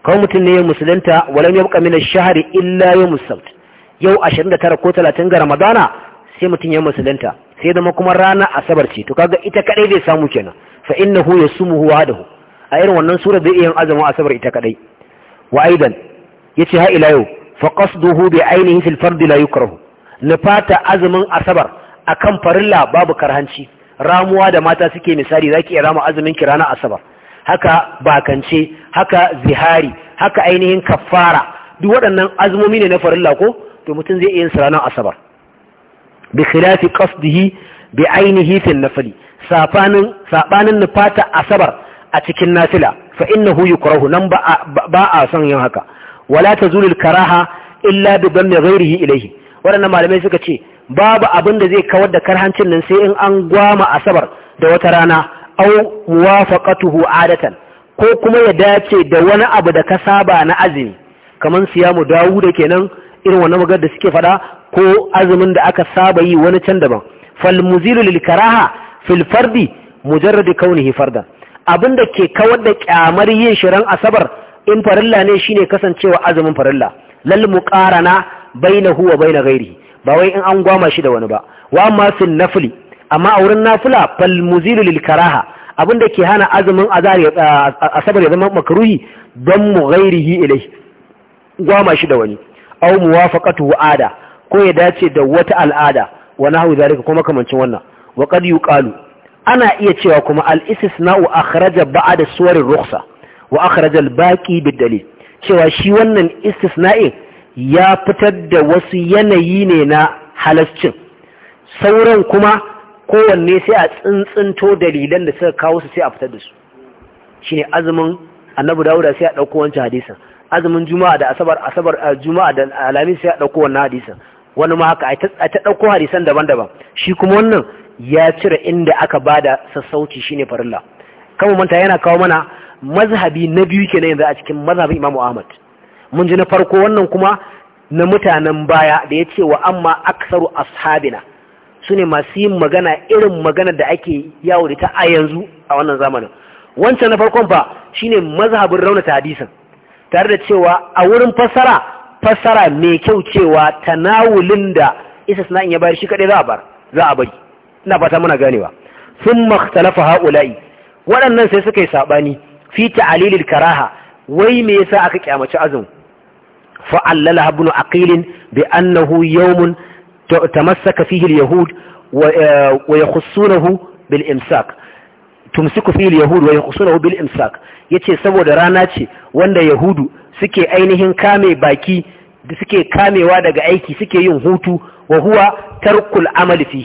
kawo mutum ne ya musulunta walam ya buƙa mina shahari illa yau musabt yau tara ko talatin ga ramadana sai mutum ya musulunta sai zama kuma rana asabar ce to kaga ita kaɗai zai samu kenan fa innahu yasumuhu wahdahu a irin wannan sura zai iya azumin asabar ita kaɗai wa aidan yace ha ila yau fa qasduhu bi ainihi fil fard la yukrahu nufata azumin asabar akan farilla babu karhanci ramuwa da mata suke misali zaki iya rama azumin ki ranar asabar haka bakance haka zihari haka ainihin kaffara duk waɗannan azumomi ne na farilla ko to mutum zai iya yin su ranar asabar bi khilafi qasdihi bi ainihi fil nafli safanin sabanin nufata asabar a cikin nafila fa innahu yukrahu nan ba a son yin haka wala tazulul karaha illa bi dhanni ghairihi ilayhi waɗannan malamai suka ce babu abin da zai kawar da karhancin nan sai in an gwama asabar da wata rana au muwafaqatuhu adatan ko kuma ya dace da wani abu da ka saba na azumi kaman siyamu da kenan irin wannan magar da suke fada ko azumin da aka saba yi wani can daban fal muzilu lil karaha fil fardi mujarrad kaunihi fardan abinda ke kawar da kyamar yin shirin asabar in farilla ne shine kasancewa azumin farilla lal muqarana baina huwa baina ghairihi ba wai in an gwama shi da wani ba wa amma fil nafli amma a wurin nafila fal muzilu lil karaha abinda ke hana azumin azar ya asabar ya zama makruhi dan mu ghairihi ilai gwama shi da wani aw muwafaqatu ada ko ya dace da wata al'ada wa nahwu zalika kuma kamancin wannan wa qad yuqalu ana iya cewa kuma al-istisna'u akhraja ba'da suwarir rukhsa wa akhraja al-baqi bid-dalil cewa shi wannan istisna'i ya fitar da wasu yanayi ne na halascin sauran kuma kowanne sai a tsintsinto dalilan da suka kawo su sai a fitar da su ne azumin annabi dawuda sai a ɗauko wancan hadisan. azumin juma'a da asabar asabar juma'a da alamin sai a ɗauko wannan hadisan. wani ma haka a ta ɗauko hadisan daban-daban shi kuma wannan ya cire inda aka ba da sassauci shine farilla kama manta yana kawo mana mazhabi na biyu kenan yanzu a cikin mazhabin imamu ahmad mun ji na farko wannan kuma na mutanen baya da ya ce wa amma aksaru ashabina su ne masu yin magana irin magana da ake yawo da ta a yanzu a wannan zamanin wancan na farkon fa ne mazhabin raunata hadisin tare da cewa a wurin fassara fassara mai kyau cewa tanawulin da istisna in ya bayar shi kadai za a bar za a bari ina fata muna ganewa sun makhtalafa haula'i waɗannan sai suka yi saɓani fi ta'alilil karaha wai me yasa aka kyamaci azumi فعللها ابن عقيل بأنه يوم تمسك فيه اليهود ويخصونه بالإمساك tumsiku fil yahud wa yaqusunahu bil imsak yace saboda rana ce wanda yahudu suke ainihin kame baki suke kamewa daga aiki suke yin hutu wa tarkul amali fi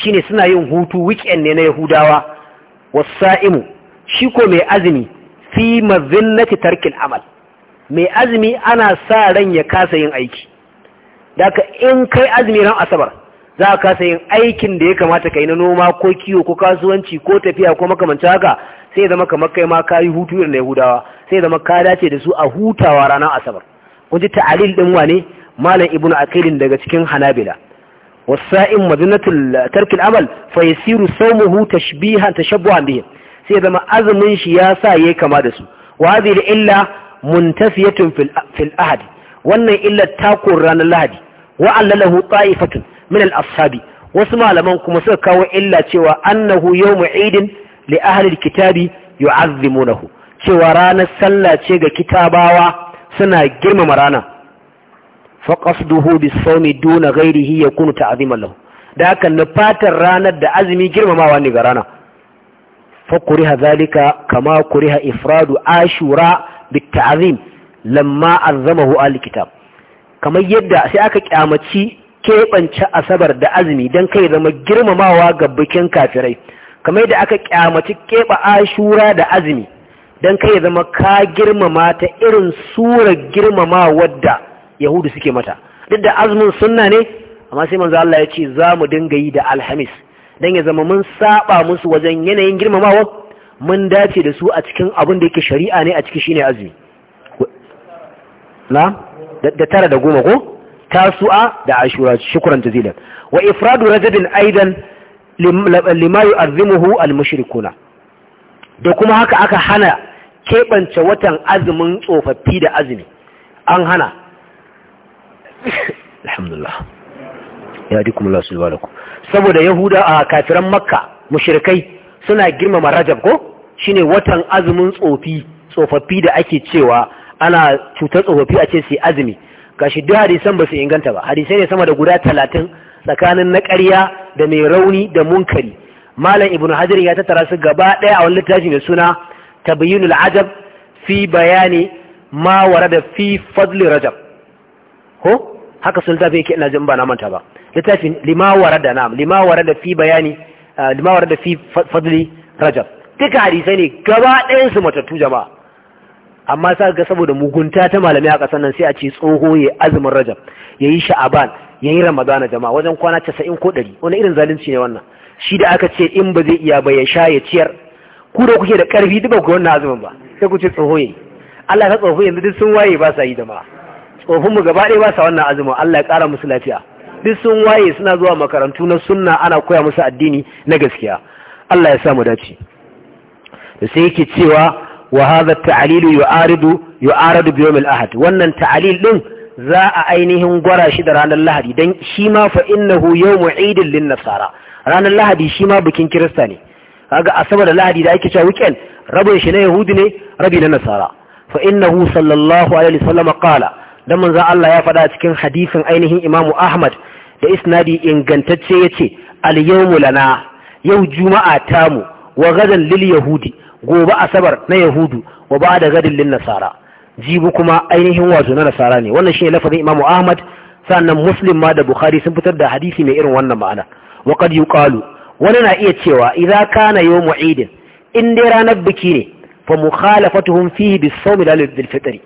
shine suna yin hutu weekend ne na yahudawa wasaimu shi ko mai azumi fi mazinnati tarkil amal mai azumi ana sa ran ya kasa yin aiki daka in kai azumi ran asabar za ka kasa yin aikin da ya kamata ka yi na noma ko kiwo ko kasuwanci ko tafiya ko makamanci haka sai zama kamar kai ma ka yi hutu irin yahudawa sai zama ka dace da su a hutawa ranar asabar kun ji ta'alil din wane malam ibnu aqilin daga cikin hanabila wasa'in madinatul tarkil amal fa yasiru sawmuhu tashbihan tashabbuhan bihi sai zama azumin shi ya sa yayi kama da su wa hadhihi illa muntasiyatun fil ahad wannan illar ta ranar lahadi wa allalahu ta'ifatun min al-ashabi wasu malaman kuma suka kawo illa cewa annahu yawmu idin li ahli al-kitabi yu'azzimunahu cewa ranar sallah ce ga kitabawa suna girmama rana fa qasduhu bis-sawmi duna ghayrihi yakunu ta'ziman lahu da haka nufatar ranar da azumi girmamawa ne ga rana fa kuriha zalika kama kuriha ifradu ashura bitta'azim lamma azzamahu hu'a likita kamar yadda sai aka kyamaci keɓance asabar da azumi don kai zama girmamawa ga bikin kafirai kamar yadda aka kyamaci keɓa ashura da azumi don kai zama ka girmama ta irin surar girmama wadda yahudu suke mata duk da azumin sunna ne amma sai manzo Allah ya ce za mu dinga yi da alhamis don ya zama mun saɓa musu wajen yanayin girmamawa mun dace da su a cikin abin da yake shari'a ne a ciki shine azumi na da tara da goma ko tasu'a da ashura shukran jazilan wa ifradu rajabin aidan lima yu'azzimuhu al-mushrikuna da kuma haka aka hana keɓance watan azumin tsofaffi da azumi an hana alhamdulillah ya dikum Allah subhanahu saboda yahuda a kafiran makka mushrikai suna girmama rajab ko shine watan azumin tsofi tsofaffi da ake cewa ana cutar tsofaffi a ce su azumi gashi duk hadisan ba su inganta ba hadisai ne sama da guda talatin tsakanin na ƙarya da mai rauni da munkari malam ibn hajar ya tattara su gaba ɗaya a wani littafi mai suna tabayyunul ajab fi bayani ma da fi fadli rajab ko haka sun tafi yake ina jin ba na manta ba littafin lima da lima da fi bayani limawar da fi fadli rajab duka hadisai ne gaba ɗayan su matattu jama'a amma sa ga saboda mugunta ta malamai a ƙasar nan sai a ce tsoho ya azumin rajab ya yi sha'aban ya yi ramadana jama'a wajen kwana casa'in ko ɗari wani irin zalunci ne wannan shi da aka ce in ba zai iya ba ya sha ya ciyar ku da kuke da ƙarfi duk ba ku wannan azumin ba sai ku ce tsoho ya yi Allah ka tsoho yanzu duk sun waye ba sa yi jama'a tsofin mu gaba ɗaya ba sa wannan azumin Allah ya ƙara musu lafiya duk sun waye suna zuwa makarantu na sunna ana koya musu addini na gaskiya Allah ya sa mu dace da sai yake cewa wa hadha ta'lilu yu'aridu yu'aradu bi yawm al-ahad wannan ta'lil din za a ainihin gwara shi da ranar Lahadi dan shi ma fa innahu yawm 'idin lin-nasara ranar Lahadi shi ma bikin Kirista ne kaga asabar da Lahadi da ake cewa weekend rabin shi na Yahudi ne rabi na Nasara fa innahu sallallahu alaihi wasallam qala dan manzo Allah ya fada cikin hadisin ainihin imamu Ahmad da isnadi ingantacce yace ce yawmu lana yau juma'a tamu wa gadan lil yahudi gobe asabar na yahudu wa da gadin lin nasara jibu kuma ainihin wato na nasara ne wannan shine lafazin imamu ahmad sannan muslim ma da bukhari sun fitar da hadisi mai irin wannan ma'ana wa qad yuqalu wani na iya cewa idza kana yawmu idin in dai ranar biki ne fa mukhalafatuhum fihi bis-sawmi lil fitri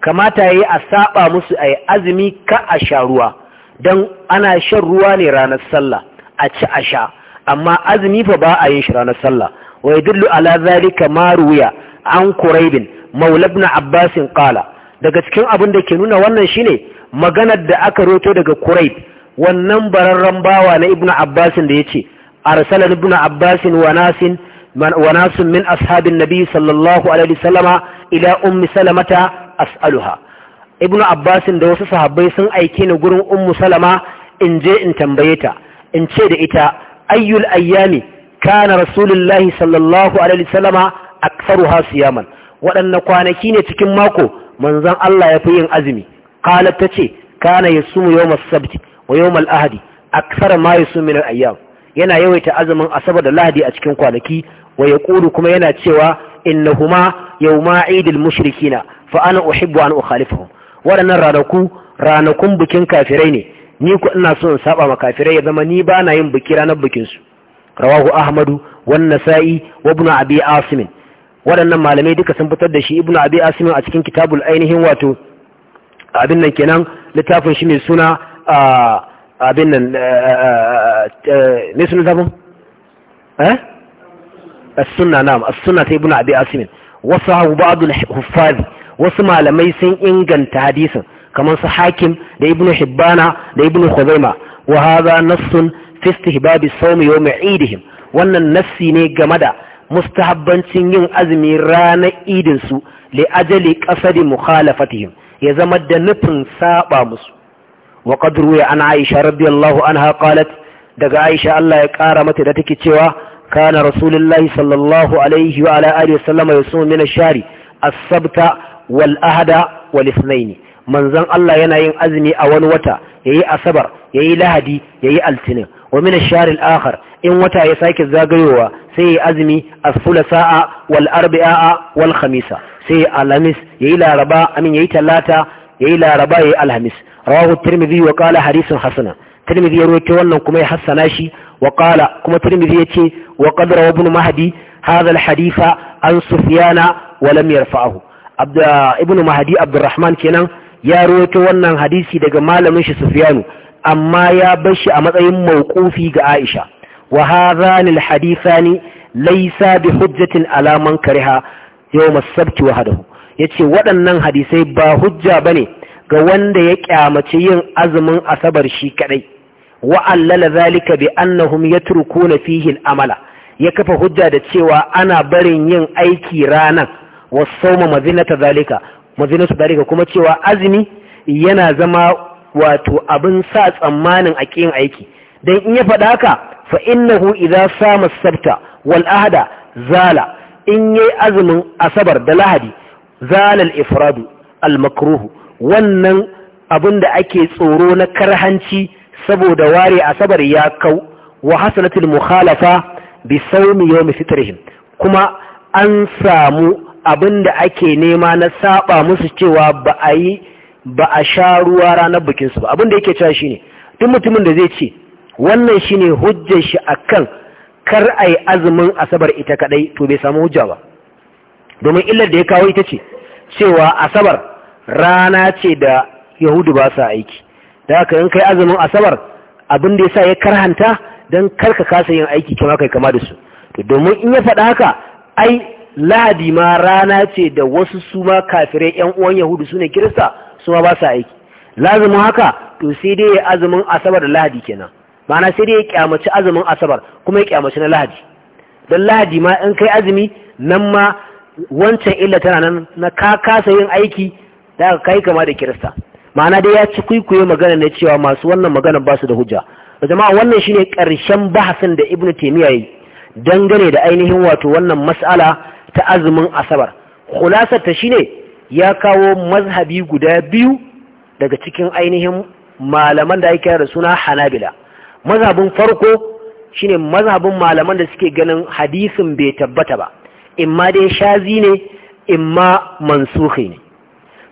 kamata yayi a saba musu ay azumi ka a sharuwa don ana shan ruwa ne ranar sallah a ci a sha amma azumi fa ba a yin shi ranar sallah wa yadullu ala zalika ma ruya an quraibin maula ibn abbas qala daga cikin abin da ke nuna wannan shine maganar da aka roto daga quraib wannan bararran bawa na ibn abbas da yace arsala ibn abbas wa nasin wa nasun min ashabin nabi sallallahu alaihi wasallama ila ummi salamata as'aluha ibnu abbasin da wasu sahabbai sun aike ni gurin ummu salama in je in tambaye ta in ce da ita ayyul ayyami kana rasulullahi sallallahu alaihi wasallama aktsaruha siyaman waɗanne kwanaki ne cikin mako manzon Allah yafi yin azumi qalat tace kana yasumu yawmas sabti wa yawmal ahadi akthar ma yasumu min al-ayyam yana yawaita azumin asabar da lahadi a cikin kwanaki wa yaqulu kuma yana cewa innahuma yawma idil mushrikina fa ana uhibbu an ukhalifahum waɗannan ranaku ranakun bikin kafirai ne ni ku ina son in saba ma kafirai ya zama ni ba na yin biki ranar bikin su rawahu ahmadu wan nasa'i wa ibn abi asim waɗannan malamai duka sun fitar da shi ibn abi asim a cikin kitabul ainihin wato abin nan kenan littafin shi mai suna abin nan me suna zafin eh as-sunna na'am as-sunna ta ibn abi asim wasahu ba'd al-huffaz wasu malamai sun inganta hadisin kamar su hakim da ibnu hibbana da ibnu khuzaima wa hadha nassun fi istihbabi sawmi yawm eidihim wannan nassi ne game da mustahabbancin yin azumi ranar idin su li ajali qasadi mukhalafatihim ya zama da nufin saba musu wa qad ruya an aisha radiyallahu anha qalat daga aisha Allah ya kara mata da take cewa kana rasulullahi sallallahu alaihi wa ala alihi wa min ash-shari as-sabta wal ahada wal ithnaini manzon Allah yana yin azumi a wani wata yayi asabar yayi lahadi yayi altinin wa min sharil akhar in wata ya sake zagayowa sai yayi azumi as-sulasaa wal arba'a a khamisa sai alhamis yayi laraba amin yayi talata yayi laraba yayi alhamis rawahu wakala wa qala hadithun hasana tirmidhi ya wannan kuma ya hassana shi wa qala kuma ya ce wa qadra ibn mahdi hadha hadisa an sufiyana wa lam yarfa'ahu ibn mahadi abdurrahman kenan ya rawaito wannan hadisi daga malamin shi sufyanu amma ya bar shi a matsayin mawqufi ga aisha wa hadhani ni laysa bi hujjatin ala man kariha yawm as-sabt wahdahu yace waɗannan hadisai ba hujja bane ga wanda ya kyamace yin azumin asabar shi kadai wa allala zalika bi annahum yatrukuna fihi al-amala ya kafa hujja da cewa ana barin yin aiki ranan wasauma mazinata zalika mazinatu zalika kuma cewa azumi yana zama wato abin sa tsammanin a ƙin aiki dan in ya faɗa haka fa innahu idza sama sabta wal ahada zala in yayi azumin asabar da lahadi zala al ifradu al wannan abin da ake tsoro na karhanci saboda ware asabar ya kau wa hasanatul mukhalafa bi sawmi yawmi fitrihim kuma an samu abin da ake nema na saba musu cewa ba a yi ba a sha ruwa ranar bikinsu ba abin da yake cewa shine duk mutumin da zai ce wannan shine hujjar shi akan kar a yi azumin asabar ita kadai to bai samu hujja ba domin illar da ya kawo ita ce cewa asabar rana ce da yahudu ba sa aiki da haka in kai azumin asabar abin da ya sa ya karhanta don karka kasa yin aiki kama kai kama da su to domin in ya faɗa haka ai lahadi ma rana ce da wasu suma kafirai yan uwan yahudu su ne kirista su ma ba su aiki lazumin haka to sai dai ya azumin asabar da lahadi kenan ma'ana sai dai ya kyamaci azumin asabar kuma ya kyamaci na lahadi don lahadi ma in kai azumi nan ma wancan illa tana nan na ka kasa yin aiki da aka kai kama da kirista ma'ana dai ya ci kwaikwayo magana ne cewa masu wannan magana ba su da hujja jama'a wannan shine karshen bahasin da ibnu taymiya yi dangane da ainihin wato wannan mas'ala ta azumin asabar khulasar ta shine ya kawo mazhabi guda biyu daga cikin ainihin malaman da ake da suna hanabila mazhabin farko shine mazhabin malaman da suke ganin hadisin bai tabbata ba imma dai shazi ne imma mansuhi ne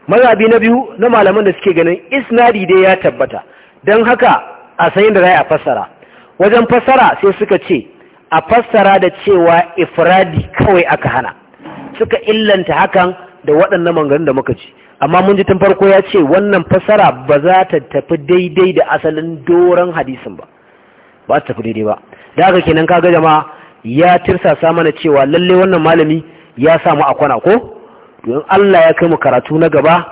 mazhabi na biyu na malaman da suke ganin isnadi dai ya tabbata don haka a sayin da za a fassara wajen fassara sai suka ce a fassara da cewa ifradi kawai aka hana suka illanta hakan da waɗannan mangarin da muka ci amma mun ji tun farko ya ce wannan fassara ba za ta tafi daidai da asalin doron hadisin ba ba ta tafi daidai ba da haka kenan kaga jama'a ya tirsasa mana cewa lalle wannan malami ya samu a kwana ko Don Allah ya kai mu karatu na gaba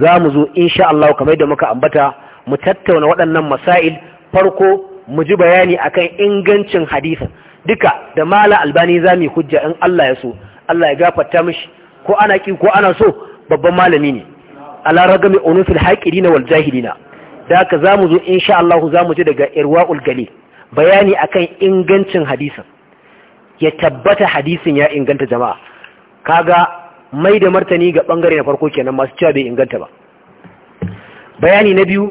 za mu zo insha Allah kamar da muka ambata mu tattauna waɗannan masail farko mu ji bayani akan ingancin hadisin duka da mala albani za mu yi hujja in Allah ya so Allah ya gafarta mishi ko ana ki ko ana so babban malami ne ala ragami unusul haqirina wal jahilina da zamu zo insha Allah zamu ji daga irwaul gali bayani akan ingancin hadisin ya tabbata hadisin ya inganta jama'a kaga mai da martani ga bangare na farko kenan masu cewa bai inganta ba bayani na biyu